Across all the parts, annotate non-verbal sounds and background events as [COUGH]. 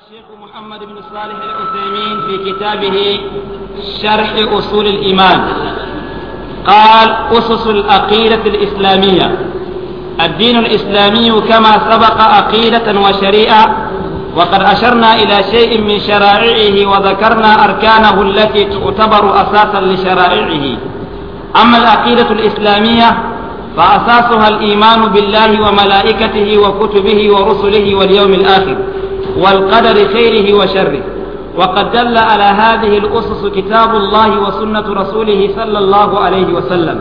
الشيخ محمد بن صالح العثيمين في كتابه شرح أصول الإيمان قال أسس العقيدة الإسلامية الدين الإسلامي كما سبق عقيدة وشريعة وقد أشرنا إلى شيء من شرائعه وذكرنا أركانه التي تعتبر أساسا لشرائعه أما العقيدة الإسلامية فأساسها الإيمان بالله وملائكته وكتبه ورسله واليوم الآخر والقدر خيره وشره وقد دل على هذه الأسس كتاب الله وسنة رسوله صلى الله عليه وسلم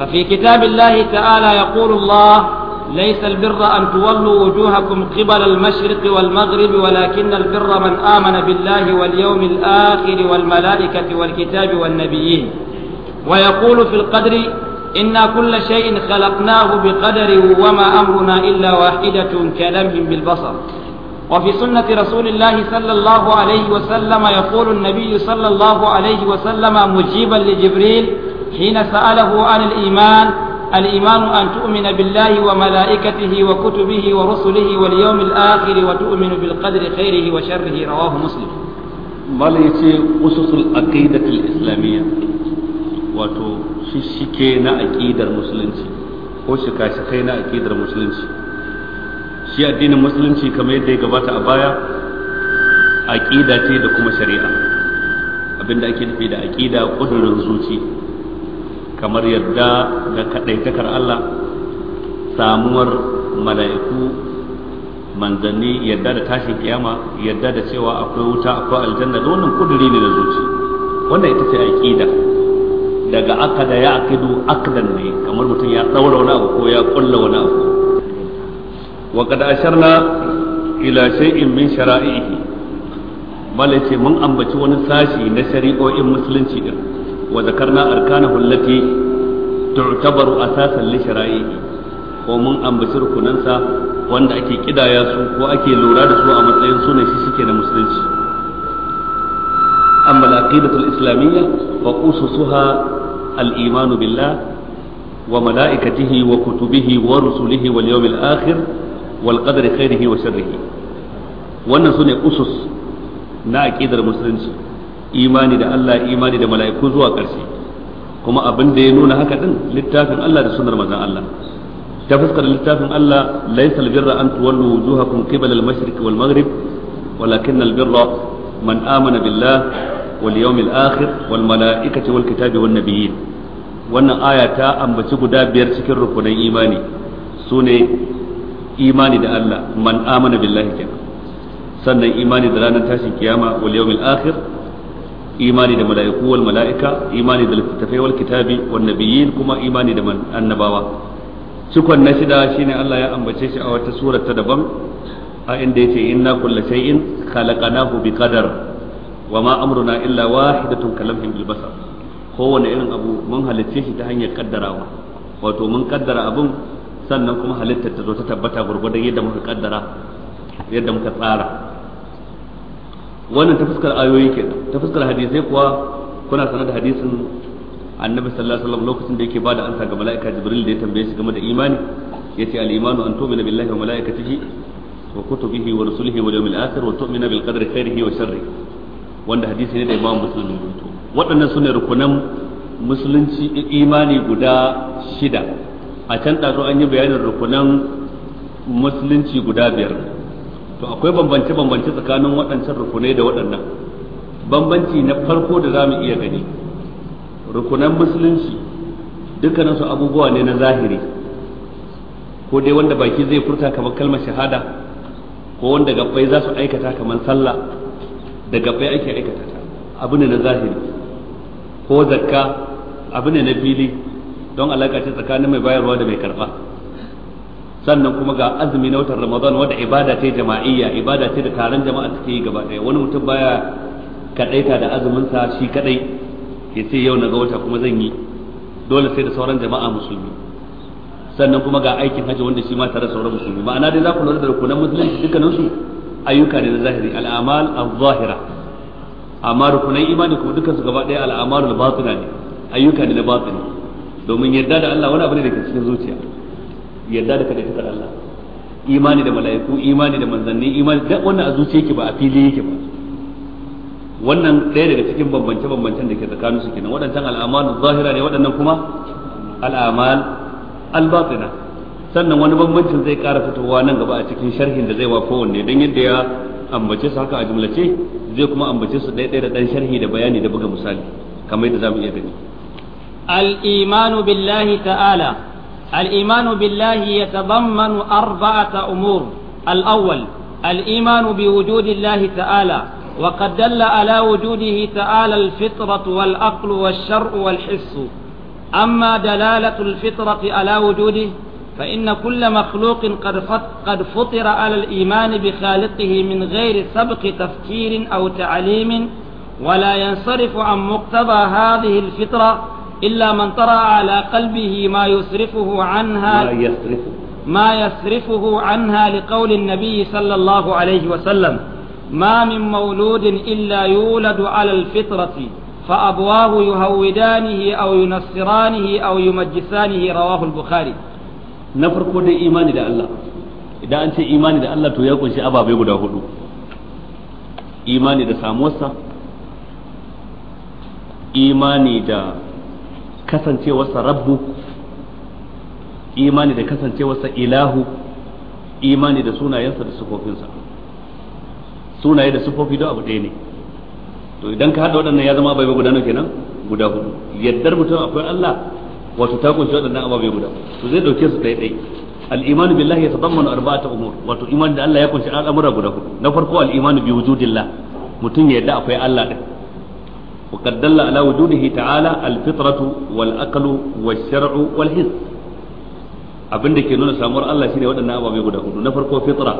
ففي كتاب الله تعالى يقول الله ليس البر أن تولوا وجوهكم قبل المشرق والمغرب ولكن البر من آمن بالله واليوم الآخر والملائكة والكتاب والنبيين ويقول في القدر إنا كل شيء خلقناه بقدر وما أمرنا إلا واحدة كلمه بالبصر وفي سنة رسول الله صلى الله عليه وسلم يقول النبي صلى الله عليه وسلم مجيبا لجبريل حين سأله عن الإيمان الإيمان أن تؤمن بالله وملائكته وكتبه ورسله واليوم الآخر وتؤمن بالقدر خيره وشره رواه مسلم بل يتي أسس الإسلامية وتو شكينا أكيد المسلمين ko shika-shikai shi addinin musulunci kamar yadda ya gabata a baya aqida ce da kuma shari'a abinda ake nufi da aqida kudurin zuci kamar yadda da kadaitakar Allah samuwar mala'iku manzanni yadda da tashin kiyama yadda da cewa akwai wuta akwai aljanna da wannan kuduri ne da zuci wannan ita ce aqida daga aka da ya aqidu aqdan ne kamar mutum ya daura wani abu ko ya kulla wani abu وقد أشرنا إلى شيء من شرائعه بل من أم بشون نشري أو إم مسلم شئر وذكرنا أركانه التي تعتبر أساسا لشرائعه ومن أم بشر وأن أكي كدا ياسو وأكي لوراد سوء مطلين سنة شسكين مسلم أما العقيدة الإسلامية وأسسها الإيمان بالله وملائكته وكتبه ورسله واليوم الآخر wal qadari khairihi wa sharrihi wannan sune usus na aqidar musulunci imani da Allah imani da mala'iku zuwa ƙarshe kuma abin da ya nuna haka ɗin littafin Allah da sunnar manzon Allah ta fuskar littafin Allah laysa albirra an tuwallu wujuhakum qibala al-mashriq wal maghrib walakin albirra man amana billah wal yawmil akhir wal mala'ikati wal kitabi wan nabiyyin wannan aya ta ambaci guda biyar cikin rukunin imani sune imani da Allah man amana billahi kenan sannan imani da ranar tashin kiyama wal yawmil akhir imani da mala'iku wal mala'ika imani da littattafai wal kitabi wan nabiyyin kuma imani da annabawa cikon na shida shine Allah ya ambace shi a wata sura ta daban a inda yace inna kulla shay'in khalaqnahu biqadar wa ma amruna illa wahidatun kalamhin bil basar kowane irin abu mun halicce shi ta hanyar kaddarawa wato mun kaddara abun sannan kuma halittar ta zo ta tabbata gurgurdan yadda muka kaddara yadda muka tsara wannan ta fuskar ayoyi kenan ta fuskar hadisai kuwa kuna sanar da hadisin annabi sallallahu alaihi wasallam lokacin da yake bada ansa ga mala'ika jibril da ya tambaye shi game da imani yace al-imanu an tu'mina billahi wa mala'ikatihi wa kutubihi wa rusulihi wal yawmil akhir wa tu'mina bil qadri khairihi wa sharrihi wanda hadisi ne da Imam Muslim ya waɗannan sune rukunan musulunci imani guda shida a can ɗazu an yi bayanin rukunan musulunci guda biyar to akwai bambance-bambance tsakanin waɗancan rukunai da waɗannan bambanci na farko da za mu iya gani rukunan musulunci dukkaninsu abubuwa ne na zahiri ko dai wanda baki zai furta kamar kalmar shahada ko wanda gabbai za su aikata kamar sallah da gabbai ake aikata abu ne na zahiri ko zakka abu ne na fili don alaka ce tsakanin mai bayarwa da mai karba sannan kuma ga azumi na watan ramadan wanda ibada ce jama'iyya ibada ce da taron jama'a suke yi gaba daya wani mutum baya kadaita da azumin sa shi kadai ya ce yau na ga wata kuma zan yi dole sai da sauran jama'a musulmi sannan kuma ga aikin hajji wanda shi ma tare sauran musulmi ma'ana dai za ku lura da rukunan musulunci dukkanin su ayyuka ne na zahiri al'amal al zahira amma rukunan imani kuma dukkan su gaba daya al'amalul batina ne ayyuka ne na batini domin yadda da Allah wani abu ne da ke cikin zuciya yadda da kadai da Allah imani da mala'iku imani da manzanni imani da wannan a zuciya yake ba a fili yake ba wannan ɗaya daga cikin bambance bambancen da ke tsakanin su kenan waɗancan al'amal zahira ne waɗannan kuma al'amal albatina sannan wani bambancin zai ƙara fitowa nan gaba a cikin sharhin da zai wa kowanne don yadda ya ambace su haka a jumlace zai kuma ambace su ɗaya ɗaya da ɗan sharhi da bayani da buga misali kamar yadda za mu iya gani الإيمان بالله تعالى الإيمان بالله يتضمن أربعة أمور الأول الإيمان بوجود الله تعالى وقد دل على وجوده تعالى الفطرة والأقل والشرع والحس أما دلالة الفطرة على وجوده فإن كل مخلوق قد فطر على الإيمان بخالقه من غير سبق تفكير أو تعليم ولا ينصرف عن مقتضى هذه الفطرة إلا من طرأ على قلبه ما يصرفه عنها ما يصرفه ما يصرفه عنها لقول النبي صلى الله عليه وسلم ما من مولود إلا يولد على الفطرة فأبواه يهودانه أو ينصرانه أو يمجسانه رواه البخاري نفرق دي إيمان دا الله إذا أنت إيمان دا الله تيقن شيء أبا بيقول هدو إيمان دا ساموسا إيمان دا kasancewarsa rabbu imani da kasancewarsa ilahu imani da sunayensa da sufofinsa sunaye da sufofi don abu ɗaya ne to idan ka haɗa waɗannan ya zama bai guda nawa kenan guda hudu yaddar mutum akwai Allah wato ta kunshi waɗannan ababai guda to zai dauke su ɗaya ɗaya al-iman billahi yatadammanu arba'ata umur wato iman da Allah ya kunshi al'amura guda hudu na farko al-iman bi wujudillah mutum ya yadda akwai Allah din وقد دل على وجوده تعالى الفطرة والأقل والشرع والحس abin da ke nuna samuwar Allah shine waɗannan ababe guda hudu na farko fitra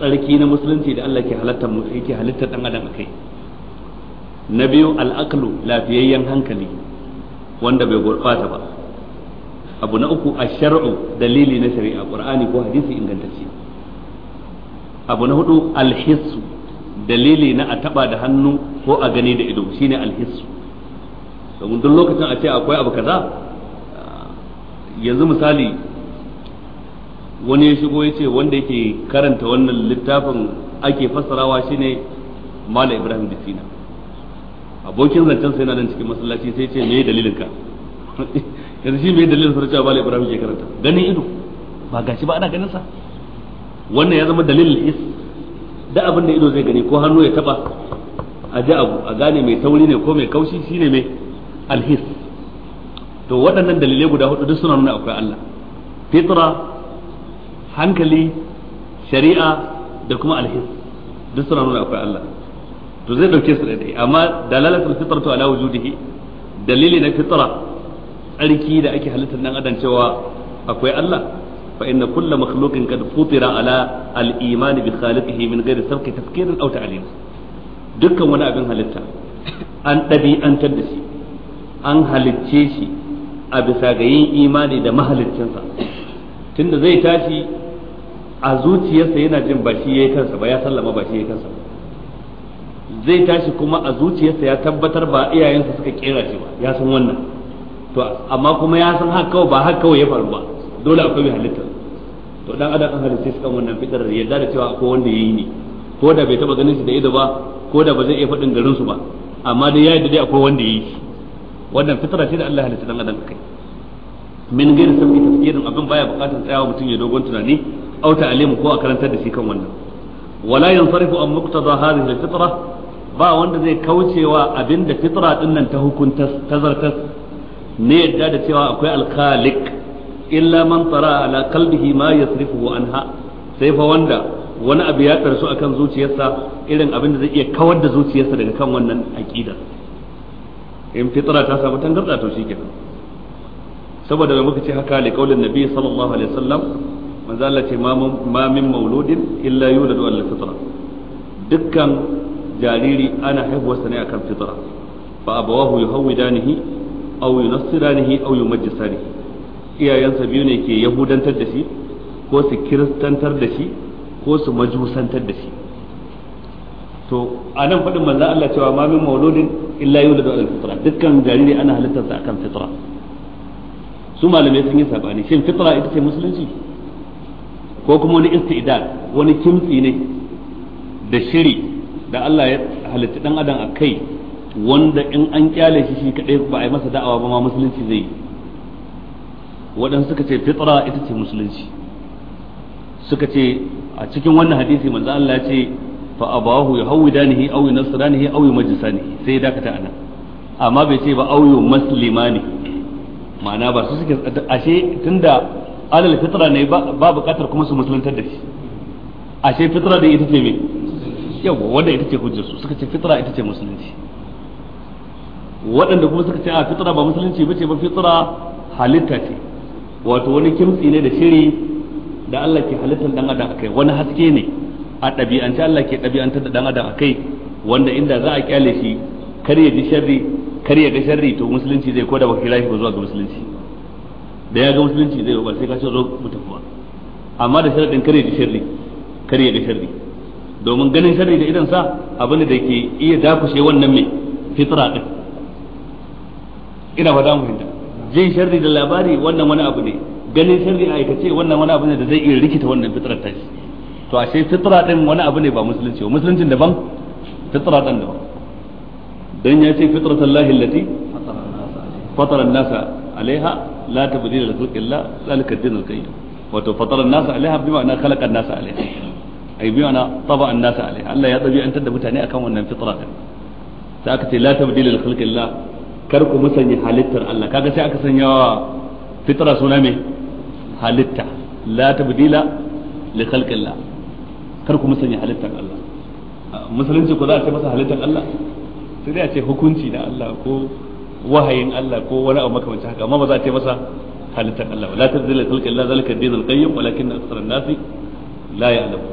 tsarki na musulunci da Allah ke halatta mu yake halitta dan adam akai na biyu al'aqlu lafiyayyen hankali wanda bai gurɓata ba abu na uku ashar'u dalili na shari'a qur'ani ko hadisi ingantacce abu na hudu alhissu dalili na a taba da hannu ko a gani da ido shine alhissu domin duk lokacin a ce akwai abu kaza yanzu misali wani ya shigo ya ce wanda yake karanta wannan littafin ake fassarawa shine mala ibrahim difina abokin zancen sai na nan cikin masallaci sai ce me dalilin ka [LAUGHS] yanzu shi me dalilin sa cewa mala ibrahim ke karanta ganin ido ba gashi ba ana ganin sa wannan ya zama dalilin is da abin da ido zai gani ko hannu ya taba a ji abu a gane mai tauri ne ko mai kaushi shine mai alhis to waɗannan dalilai guda hudu duk suna nuna akwai Allah fitra hankali shari'a da kuma alhis duk suna nuna akwai Allah to zai dauke su ɗaya amma dalalatul fitratu ala wujudihi dalili na fitra tsarki da ake halittar dan adam cewa akwai Allah fa inna kulla makhluqin qad futira ala al-iman bi khaliqihi min ghairi sabqi tafkirin aw ta'lim dukkan wani abin halitta an ɗabi'antar da shi an halicce shi a bisa ga yin imani da mahaliccinsa tunda zai tashi a zuciyarsa yana jin ba shi yayi kansa ba ya sallama ba shi yayi kansa zai tashi kuma a zuciyarsa ya tabbatar ba iyayensa suka kera shi ba ya san wannan to amma kuma ya san haka ba haka kawai ya faru ba dole akwai mai halitta to dan adam an halitta shi kan wannan fitar yadda da cewa akwai wanda yayi ne ko da bai taba ganin shi da ido ba ko da ba zai iya faɗin garin su ba amma dai ya yadda dai akwai wanda yayi wannan fitara ce da Allah halitta dan adam kai min gairi sabbi tafkirin abin baya bukatar tsayawa mutum ya dogon tunani au ta'alimu ko a karantar da shi kan wannan wala yansarifu an muqtada hadhihi al-fitra ba wanda zai kaucewa abinda fitra din nan ta hukunta ta zartas ne yadda da cewa akwai al illa man tara ala qalbihi ma yasrifu anha sai fa wanda wani abu ya tarsu akan zuciyarsa irin abin da zai iya kawar da zuciyarsa daga kan wannan aqida in fitra ta samu tangarda to shikenan saboda da muka ce haka li qaulin nabi sallallahu alaihi wasallam manzo Allah ce ma min mauludin illa yuladu ala fitra dukkan jariri ana haihuwarsa ne akan fitra fa abawahu yuhawidanihi aw yunassiranihi aw yumajjisanihi iyayensa biyu ne ke yahudantar da shi ko su kiristantar da shi ko su majusantar da shi to a nan faɗin manzan Allah cewa ma min mauludin illa da ala fitra dukkan jariri ana halittarsa akan fitra su malamai sun yi sabani shin fitra ita ce musulunci ko kuma wani istidad wani kimtsi ne da shiri da Allah ya halitta dan adam a kai wanda in an kyale shi shi kadai ba a yi masa da'awa ba ma musulunci zai yi waɗansu suka ce fitra ita ce musulunci suka ce a cikin wannan hadisi manzo Allah ya ce fa abahu yahwidanihi aw yunasranihi aw yumajjisanihi sai ya dakata anan amma bai ce ba aw muslimani ma'ana ba su suke ashe tunda alal fitra ne ba bukatar kuma su musulunta da shi ashe fitra da ita ce me yawa wanda ita ce hujjar su suka ce fitra ita ce musulunci waɗanda kuma suka ce a fitra ba musulunci ba ce ba fitra halitta ce wato wani kimtsi ne da shiri da Allah ke halittar dan adam akai wani haske ne a ɗabi'ance Allah ke ɗabi'antar da dan adam akai wanda inda za a kyale shi kar ya ji sharri kar ya ga sharri to musulunci zai koda baki lafi ba zuwa ga musulunci da ya ga musulunci zai ba sai ka ce zo mu amma da sharadin kar ya ji sharri kar ya ga sharri domin ganin sharri da idan sa abin da ke iya dakushe wannan mai fitra din ina fata mu fahimta jin sharri da labari wannan wani abu ne ganin sharri a aikace wannan wani abu ne da zai iya rikita wannan fitrar ta to ashe fitra din wani abu ne ba musulunci ba musuluncin daban fitra din daban dan ya ce fitratallahi allati fatara an-nasa alaiha la tabdila li zalika ad-din al-qayyim wato fatara an-nasa alaiha bi ma'ana khalaqa an-nasa alaiha bi ma'ana taba an-nasa alaiha Allah ya tabi'antar da mutane akan wannan fitra din sai aka ce la tabdila li kar ku musanya halittar Allah kaga sai aka sanya wa fitra suna mai halitta la tabdila li khalqillah kar ku musanya halittar Allah musulunci ko za a ce masa halittar Allah sai dai a ce hukunci na Allah ko wahayin Allah ko wani abu makamancin haka amma ba za a ce masa halittar Allah la tabdila li khalqillah zalika ad-din al-qayyim walakin akthar an-nas la ya'lamu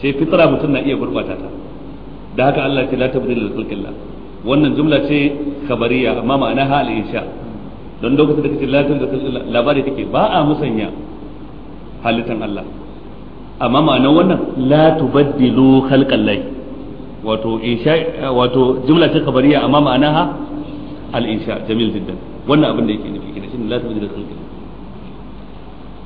sai fitra mutum na iya gurbata ta da haka Allah ya ce la tabdila li khalqillah wannan jumla ce kabariya amma ma'ana hal insha don lokacin da kace latin da labari take ba a musanya halittan Allah amma ma'anar wannan la tubaddilu khalqallahi wato insha wato jumla ce kabariya amma ma'ana ha al insha jamil jiddan wannan abin da yake nufi kenan shine la tubaddilu khalqallahi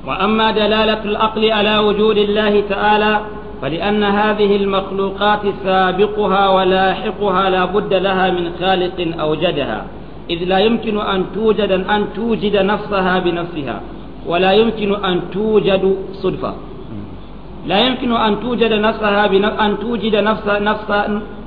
wa amma dalalatul aqli ala wujudi ta'ala فلأن هذه المخلوقات سابقها ولاحقها لا بد لها من خالق أوجدها إذ لا يمكن أن توجد أن توجد نفسها بنفسها ولا يمكن أن توجد صدفة لا يمكن أن توجد نفسها أن توجد نفس نفس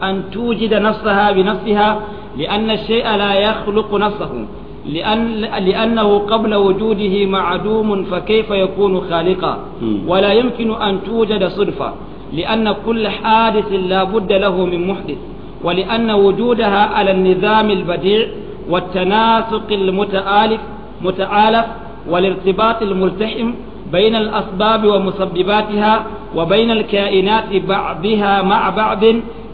أن توجد نفسها بنفسها لأن الشيء لا يخلق نفسه لأن لأنه قبل وجوده معدوم فكيف يكون خالقا ولا يمكن أن توجد صدفة لأن كل حادث لا بد له من محدث ولأن وجودها على النظام البديع والتناسق المتآلف متآلف والارتباط الملتحم بين الأسباب ومسبباتها وبين الكائنات بعضها مع بعض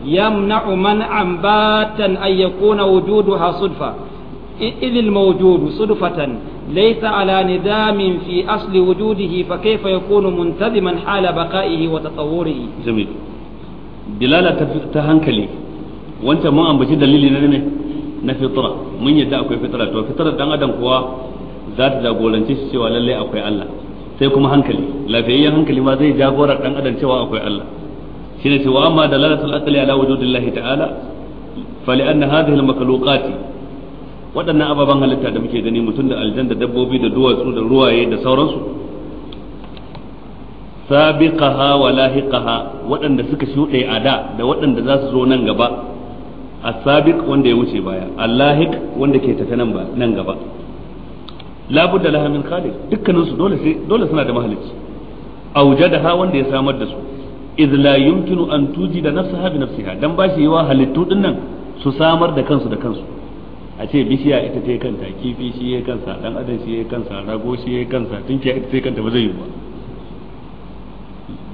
يمنع منعا باتا أن يكون وجودها صدفة إذ الموجود صدفة ليس على نظام في أصل وجوده فكيف يكون منتظما حال بقائه وتطوره جميل دلالة تهنكلي وانت ما أم بجد دليل نرمي نفطرة من يدعى أكوي فطرة وفطرة دان أدم كوا ذات جاغولنتي سوى للي أكوي الله sai kuma hankali lafiyayyen hankali ma zai jagorar dan adam cewa akwai Allah shine cewa amma dalalatul aqli ala wujudillahi ta'ala fa li anna hadhihi al makhluqati waɗannan ababen halitta da muke gani mutum da aljan da dabbobi da duwatsu da ruwaye da sauransu sabiqaha wa lahiqaha waɗanda suka shuɗe a da da waɗanda za su zo nan gaba as-sabiq wanda ya wuce baya al-lahiq wanda ke tafe nan ba nan gaba labudda laha min khaliq dukkanin su dole sai dole suna da mahalicci awjadaha wanda ya samar da su idh la yumkinu an tujida nafsaha bi nafsiha dan ba shi yawa halittu dinnan su samar da kansu da kansu a ce bishiya ita ce kanta kifi shi ya kansa dan adam shi ya kansa rago shi ya kansa tunkiya ita ce kanta ba zai yi ba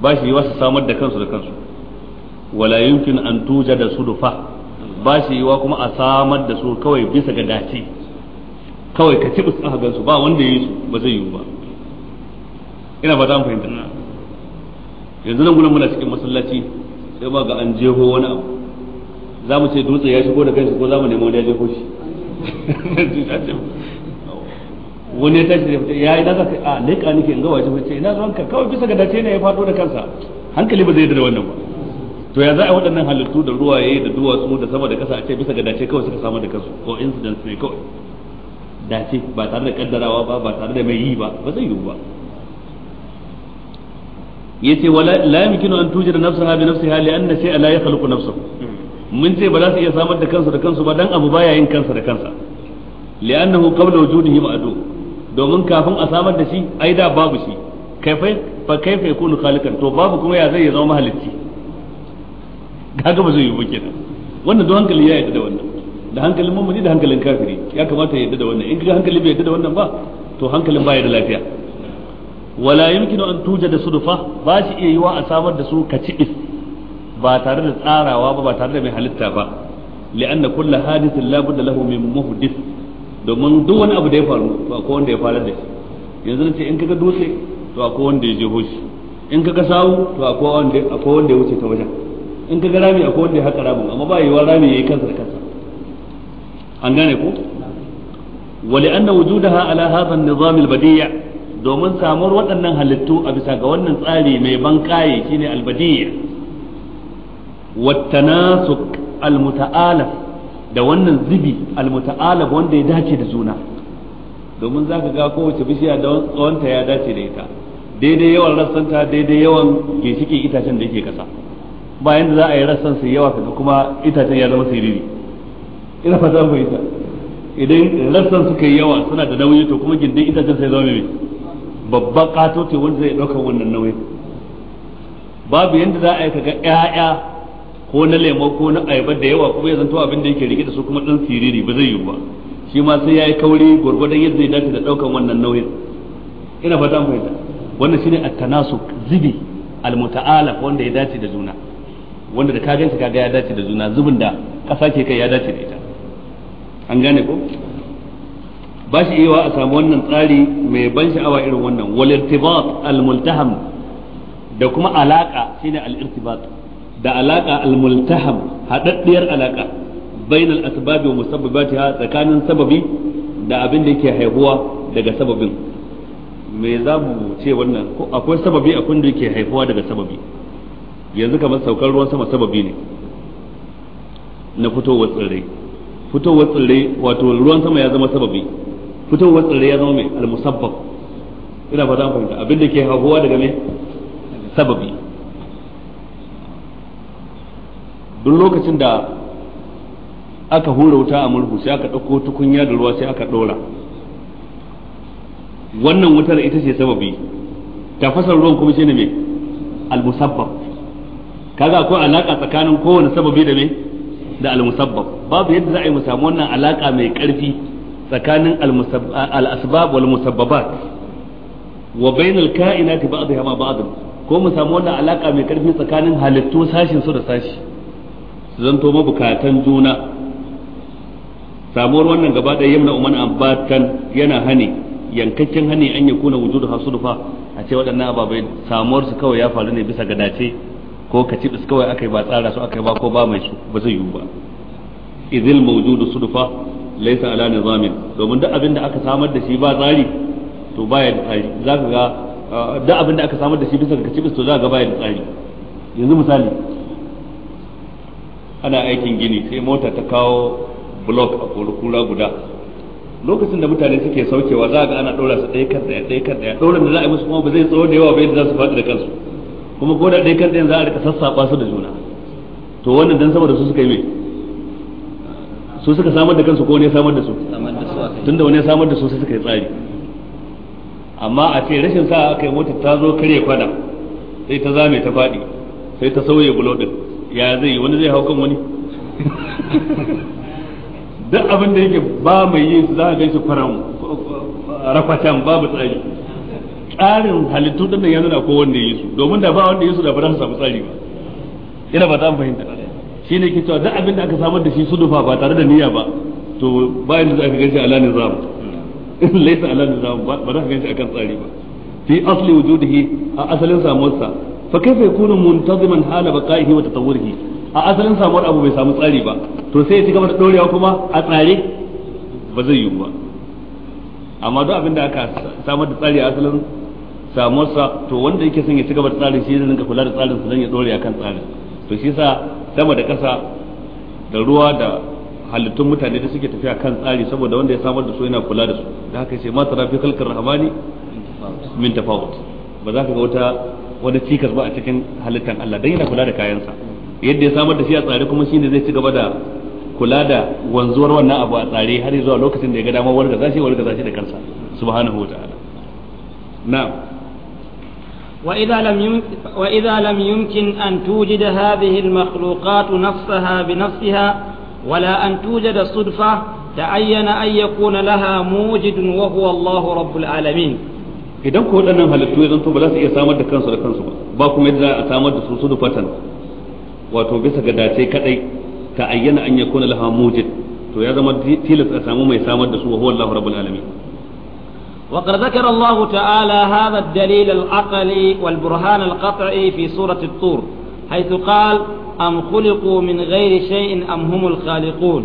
ba shi yiwa su samar da kansu da kansu wala yumkin an tuja da sudufa ba shi yiwa kuma a samar da su kawai bisa ga dace kawai ka ci bisa gansu ba wanda ya yi su ba zai yi ba ina fata an fahimta yanzu nan gudun muna cikin masallaci sai ba ga an jeho wani abu za mu ce dutse ya shigo da kanshi ko za mu nemo wani ya jeho shi [LAUGHS] wani ya tashi da ya yi nasa a leƙa nake in wajen wace ce ina zuwan ka kawai bisa ga dace ne ya faɗo da kansa hankali ba zai yarda da wannan ba to ya za a waɗannan halittu da ruwaye da duwatsu da sama da ƙasa a ce bisa ga dace kawai suka samu da kansu ko incidents ne kawai dace ba tare da kaddarawa ba ba tare da mai yi ba ba zai yiwu ba yace wala la yamkinu an tujira nafsaha bi nafsiha li anna shay'a la yakhluqu nafsahu mun ce ba za su iya samar da kansu da kansu ba dan abu baya yin kansa da kansa li'annahu qabla wujudihi ma'du domin kafin a samar da shi ai da babu shi kaifai fa kaifa yakunu khaliqan to babu kuma ya zai zama mahalicci kaga ba zai yi ba kenan wannan don hankali ya yadda da wannan da hankalin mummuni da hankalin kafiri ya kamata ya yadda da wannan in kaga hankali bai yadda da wannan ba to hankalin baya da lafiya wala yumkinu an tujada sudufa ba shi iya yiwa a samar da su kaci'is ba tare da tsarawa ba ba tare da mai halitta ba li'anna kulla hadithin la budda lahu min muhdith domin duk wani abu da ya faru to akwai wanda ya fara da shi yanzu ce in kaga dutse to akwai wanda ya je shi in kaga sawu to akwai wanda akwai wanda ya wuce ta wajen in kaga rami akwai wanda ya haka ramin amma ba yiwa rami yayi kansa da kansa an gane ko ولأن وجودها على هذا النظام البديع domin samuwar waɗannan halittu a bisa ga wannan tsari mai ban shine albadiyya والتناسق المتآلف da wannan zubi almuta'alaf wanda ya dace da juna domin za ka ga kowace bishiya da tsawonta ya dace da ita daidai yawan rassanta daidai yawan ginshikin itacen da yake kasa ba yanda za a yi rassan su yawa kaza kuma itacen ya zama siriri ina fata mu ita idan rassan suka yi yawa suna da nauyi to kuma gindin itacen sai zama mai babban katote wanda zai ɗaukar wannan nauyin babu yadda za a yi kaga 'ya'ya ko na lemo ko na ayaba da yawa kuma ya zanto abin da yake rike da su kuma dan siriri ba zai yi ba shi ma sai yayi kauri gurgurdan yadda ya dace da daukan wannan nauyin ina fata an fahimta wannan shine at-tanasuk zibi al-muta'ala wanda ya dace da juna wanda da ka ganta kaga ya dace da juna zubin da kasa ke kai ya dace da ita an gane ko ba shi iya a samu wannan tsari mai ban sha'awa irin wannan wal irtibat al multaham da kuma alaka shine al irtibat da alaƙa almultaham haɗaɗɗiyar alaka bainal asbabi wa musabbabatiha tsakanin sababi da abin da yake haihuwa daga sababin me za mu ce wannan akwai sababi akwai da yake haihuwa daga sababi yanzu kamar saukar ruwan sama sababi ne na fitowar tsirrai fitowar tsirrai wato ruwan sama ya zama sababi fitowar tsirrai ya zama mai almusabbab ina fata fahimta abin da ke haihuwa daga me sababi duk lokacin da aka hura wuta a murhu sai aka ɗauko tukunya da ruwa sai aka ɗora wannan wutar ita ce sababi tafasar ruwan kuma shine me al-musabbab kaga akwai alaka tsakanin kowane sababi da me da al-musabbab babu yadda za a yi mu samu wannan alaka mai ƙarfi tsakanin al-asbab wal musabbabat wa bainal ka'inati ba'dihi ma ba'd ko mu samu wannan alaka mai ƙarfi tsakanin halittu sashin su da sashi zanto mabukatan juna samuwar wannan gaba ɗaya yamna umman ambatan yana hani yankakken hani an ya kuna wujudu hasudufa a ce waɗannan ababai samuwar su kawai ya faru ne bisa ga dace ko ka su kawai aka yi ba tsara su aka yi ba ko ba mai su ba zai yiwu ba izil mawjudu sudufa laysa ala nizamin domin duk abin da aka samar da shi ba tsari to baya da tsari zaka ga ah, duk abin da aka samar da shi bisa ga to zaka ga baya da tsari yanzu misali ana aikin gini sai mota ta kawo block a kura guda lokacin da mutane suke saukewa za ga ana ɗora su ɗaya kan ɗaya ɗaya kan ɗaya ɗoran da za a yi musu kuma ba zai tsawo da yawa ba yadda za su faɗi da kansu kuma ko da ɗaya kan ɗayan za a rika sassaɓa su da juna to wannan dan saboda su suka yi mai su suka samar da kansu ko ne samar da su tunda wani samar da su suka yi tsari amma a ce rashin sa aka yi motar ta zo karya kwana sai ta zame ta faɗi sai ta sauye bulo din ya zai wani zai hau kan wani duk abin da yake ba mai yin su za a gan shi faran rakwatan babu tsari tsarin halittu din nan ya nuna ko wanda yi su domin da ba wanda yi su da ba za su samu tsari ba ina ba ta fahimta shi ne ke cewa duk abin da aka samar da shi su dufa ba tare da niyya ba to bayan da za ka gan shi ala nizam [LAUGHS] laisa ala nizam ba za ka gan shi akan tsari ba fi asli wujudihi a asalin samuwarsa fa kaifa yakunu muntaziman hala baqaihi wa tatawwurihi a asalin samuwar abu bai samu tsari ba to sai ya ci gaba da dorewa kuma a tsare ba zai yiwu ba amma duk abin da aka samar da tsari a asalin samuwarsa to wanda yake son ya ci gaba da tsarin shi zai rinka kula da tsarin su dan ya dore akan tsarin to shi sa sama da ƙasa da ruwa da halittun mutane da suke tafiya kan tsari saboda wanda ya samar da su yana kula da su da haka ce ma tarafi khalqir rahmani min tafawut ba za ka ga wata wani cikas ba a cikin halittar Allah dan yana kula da kayansa yadda ya samar da shi a tsare kuma shine zai ci gaba da kula da wanzuwar wannan abu a tsare har zuwa lokacin da ya ga dama warga zashi warga zashi da kansa subhanahu wataala na'am وإذا لم, يمكن وإذا لم يمكن أن توجد هذه المخلوقات نفسها بنفسها ولا أن sudfa صدفة تعين أن يكون لها موجد وهو الله رب idan ko waɗannan halittu ya zanto ba za su iya samar da kansu da kansu ba ba kuma yadda a samar da su su dufatan wato bisa ga dace kadai ta ayyana an yakuna laha mujid to ya zama tilas a samu mai samar da su wa huwa Allahu rabbul alamin ad-dalil al-aqli wal burhan al-qat'i fi surati at-tur haythu qala am khuliqu min ghairi shay'in am humul khaliqun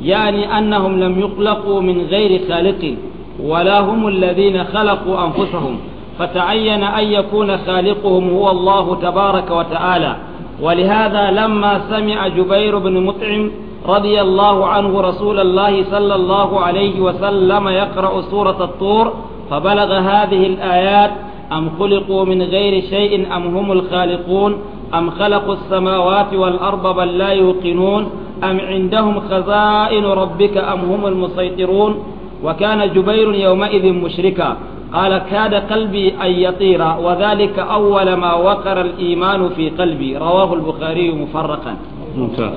yani annahum lam يخلقوا min ghairi khaliqin ولا هم الذين خلقوا أنفسهم فتعين أن يكون خالقهم هو الله تبارك وتعالى ولهذا لما سمع جبير بن مطعم رضي الله عنه رسول الله صلى الله عليه وسلم يقرأ سورة الطور فبلغ هذه الآيات أم خلقوا من غير شيء أم هم الخالقون أم خلقوا السماوات والأرض بل لا يوقنون أم عندهم خزائن ربك أم هم المسيطرون وكان جبير يومئذ مشركا قال كاد قلبي أن يطير وذلك أول ما وقر الإيمان في قلبي رواه البخاري مفرقا ممتاز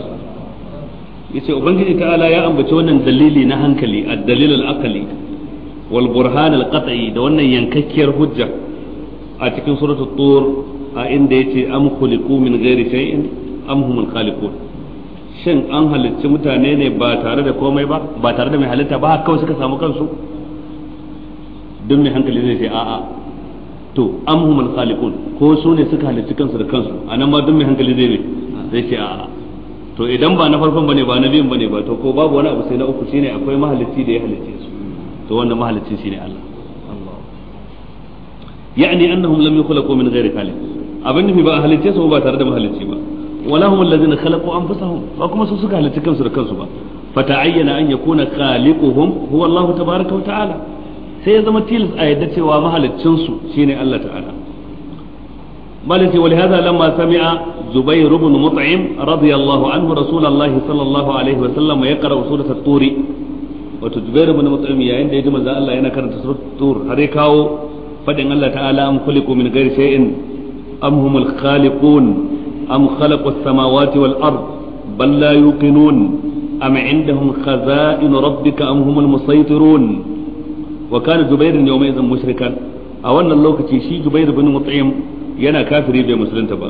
يسي أبنكي تعالى يا أم بتونا دليلي نهنكلي الدليل الأقلي والبرهان القطعي دونا ينككر هجة أتكن سورة الطور أين ديتي أم خلقوا من غير شيء أم هم الخالقون shin an halicci mutane ne ba tare da komai ba ba tare da mai halitta ba kawai suka samu kansu duk mai hankali zai ce a'a to am humul khaliqun ko su ne suka halicci kansu da kansu anan ma duk mai hankali zai ne zai ce a'a to idan ba na farkon bane ba na biyun bane ba to ko babu wani abu sai na uku shine akwai mahalicci da ya halicce su to wannan mahalicci shine Allah yani annahum lam yukhlaqu min ghairi khaliq abin nufi ba halicce su ba tare da mahalicci ba wala hum allazina khalaqu anfusahum ba kuma su suka halitta kansu da kansu ba fata'ayyana an yakuna khaliquhum huwa Allah tabaaraka wa ta'ala sai ya zama tilas a yadda cewa mahaliccin su shine Allah ta'ala malati wal hadha lamma sami'a Zubair ibn Mut'im radiyallahu anhu Rasulullah sallallahu alaihi wa sallam yaqra surat at-tur wato Zubair ibn Mut'im yayin da ya ji manzo Allah yana karanta surat at-tur har ya kawo fadin Allah ta'ala am khuliqu min ghairi shay'in am humul khaliqun أم خلقوا السماوات والأرض بل لا يوقنون أم عندهم خزائن ربك أم هم المسيطرون وكان زبير يومئذ مشركا أو أن الله شي زبير بن مطعم ينا كافر يبي مسلم تبا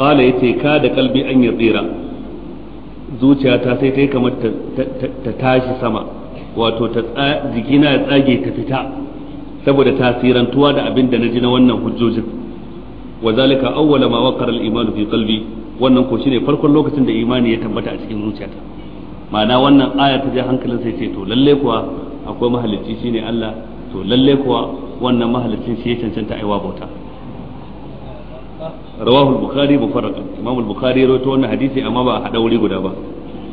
قال يتي كاد قلبي أن يطير zuciyata sai ta yi kamar ta tashi sama wato ta jikina ya tsage ta fita saboda tasirantuwa da abin da na ji na wannan hujjojin wa zalika awwala ma waqara al-iman fi qalbi wannan ko shine farkon lokacin da imani ya tabbata a cikin zuciyata ma'ana wannan aya ta je hankalin sai ce to lalle kuwa akwai mahalicci shine Allah to lalle kuwa wannan mahalicin shi ya cancanta aiwa bauta rawahu al-bukhari mufarrad imam al-bukhari rawaito wannan hadisi amma ba a hada wuri guda ba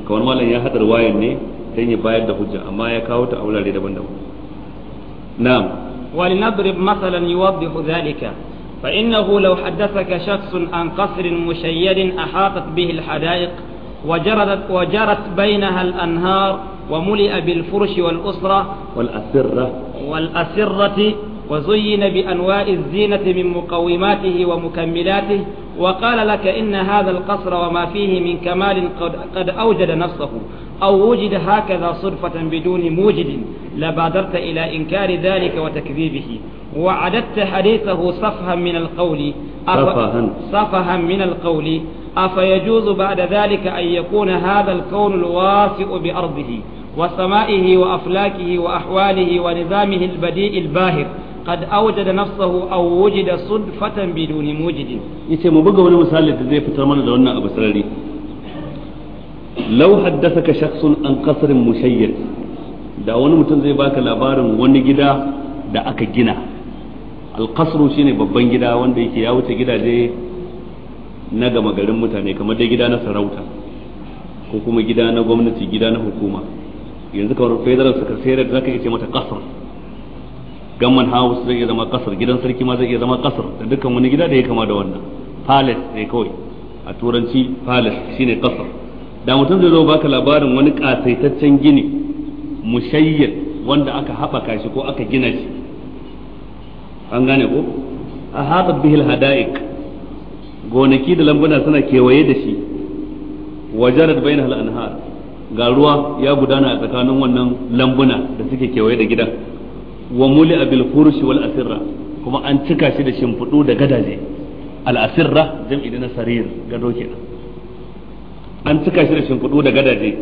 kamar mallan ya hada riwayan ne dan ya bayar da hujja amma ya kawo ta a wurare daban-daban na'am ولنضرب masalan yuwaddihu ذلك فإنه لو حدثك شخص عن قصر مشيد أحاطت به الحدائق وجرت, وجرت بينها الأنهار وملئ بالفرش والأسرة والأسرة والأسرة وزين بأنواع الزينة من مقوماته ومكملاته وقال لك إن هذا القصر وما فيه من كمال قد, قد أوجد نفسه أو وجد هكذا صرفة بدون موجد لبادرت إلى إنكار ذلك وتكذيبه وعددت حديثه صفها من القول صفها صفها من القول أفيجوز بعد ذلك أن يكون هذا الكون الواسع بأرضه وسمائه وأفلاكه وأحواله ونظامه البديء الباهر قد أوجد نفسه أو وجد صدفة بدون موجد يسي مبقى ولا مسالة زي فترمان أبو سلالي لو حدثك شخص عن قصر مشيد دعونا متنزي باك zai baka labarin da aka gina alkasru shine babban gida wanda yake ya wuce gidaje na gama garin mutane kamar dai gida na sarauta ko kuma gida na gwamnati gida na hukuma yanzu kamar federal da zaka iya ce mata kasar gamman house zai iya zama kasar gidan sarki ma zai iya zama kasar da dukkan wani gida da ya kama da wannan palace ne kawai a turanci palace shine kasar da mutum zai zo baka labarin wani kasaitaccen gini mushayyad wanda aka haɓaka shi ko aka gina shi an gane ko a haɗa bihil hada'ik gonaki da lambuna suna kewaye da shi wajarat bayan al'anhar ga ruwa ya gudana a tsakanin wannan lambuna da suke kewaye da gidan wa muli abil furushi wal asirra kuma an cika shi da shimfiɗu da gadaje al asirra jam'i na sarir gado kenan an cika shi da shimfiɗu da gadaje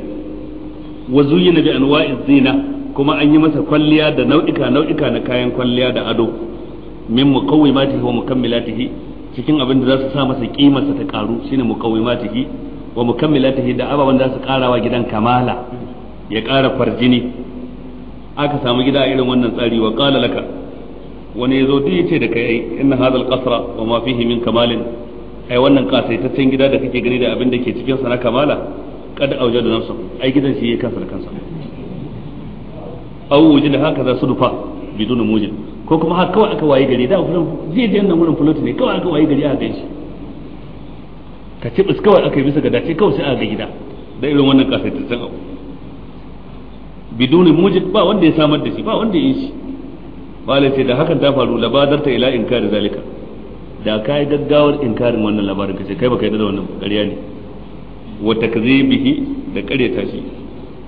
wa zuyyina bi anwa'iz zina kuma an yi masa kwalliya da nau'ika nau'ika na kayan kwalliya da ado min muqawimatihi wa mukammilatihi cikin abin da za su sa masa kimarsa sa ta karu shine muqawimatihi wa mukammilatihi da ababan da su karawa gidan kamala ya kara farjini aka samu gida a irin wannan tsari wa qala laka wani yazo duk yace da kai inna hadha al-qasra wa ma fihi min kamalin ai wannan kasaitaccen gida da kake gani da abin da ke cikin sa na kamala kada auja da nafsa ai gidan shi yake kansa da kansa au wujida haka za su dufa bidun mujin ko kuma haka kawai aka waye gari da kusan zai je nan wurin fulotu ne kawai aka waye gari aka shi ka ce bis kawai aka yi bisa ga dace kawai sai a aka gida da irin wannan san abu biduni mujid ba wanda ya samar da shi ba wanda ya yi shi malai sai da hakan ta faru ta ila inkari zalika da ka yi gaggawar inkarin wannan labarin ka ce kai baka yarda da wannan ƙarya ne wa takzibihi da ƙaryata shi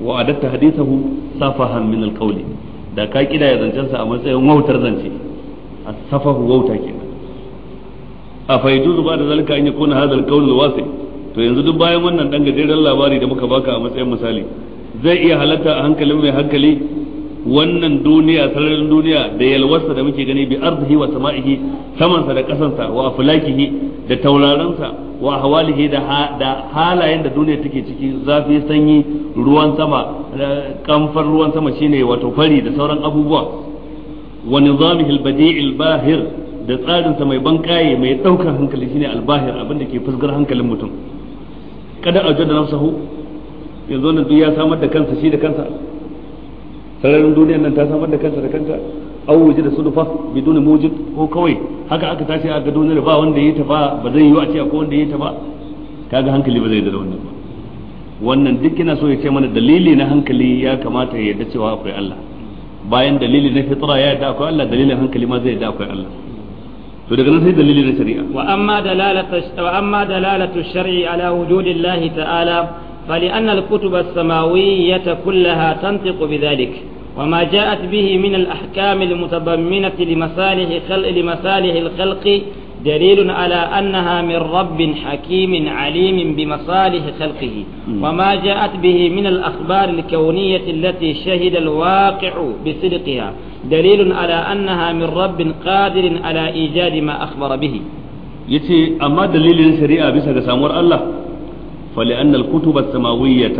wa adatta hadithahu safahan min alqawli da ka kida ya zancensa a matsayin wautar zance a safahu wauta ke. a faidu zuwa da zalika an ya kuna al-qawl wasi to yanzu duk bayan wannan dan gajeren labari da muka baka a matsayin misali zai iya halatta a hankalin mai hankali wannan duniya sararin duniya da yalwarsa da muke gani bi arziki wa sama'ihi samansa da kasansa wa aflakihi da tauraransa wa ahwalihi da da halayen da duniya take ciki zafi sanyi ruwan sama kamfar ruwan sama shine wato fari da sauran abubuwa wa nizamihi al-badi'i da tsarinsa mai bankaye mai daukar hankali shine albahir abinda ke fusgar hankalin mutum kada a jada nafsahu yanzu nan ya samar da kansa shi da kansa sararin duniyar nan ta samar da kansa da kanta aw da sudufa bidun mujib ko kawai haka aka tashi a ga duniyar ba wanda yi ta ba ba zai yi a ce akwai wanda yi ta ba kaga hankali ba zai da wannan ba wannan duk yana so ya ce mana dalili na hankali ya kamata ya yarda cewa akwai Allah bayan dalili na fitra ya yarda akwai Allah dalilin hankali ma zai yarda akwai Allah to daga nan sai dalili na shari'a wa amma dalalatu wa amma dalalatu shar'i ala wujudillahi ta'ala فلأن الكتب السماوية كلها تنطق بذلك وما جاءت به من الأحكام المتضمنة لمصالح خلق لمصالح الخلق دليل على أنها من رب حكيم عليم بمصالح خلقه وما جاءت به من الأخبار الكونية التي شهد الواقع بصدقها دليل على أنها من رب قادر على إيجاد ما أخبر به يتي أما دليل سريع بسا سامور الله فلأن الكتب السماوية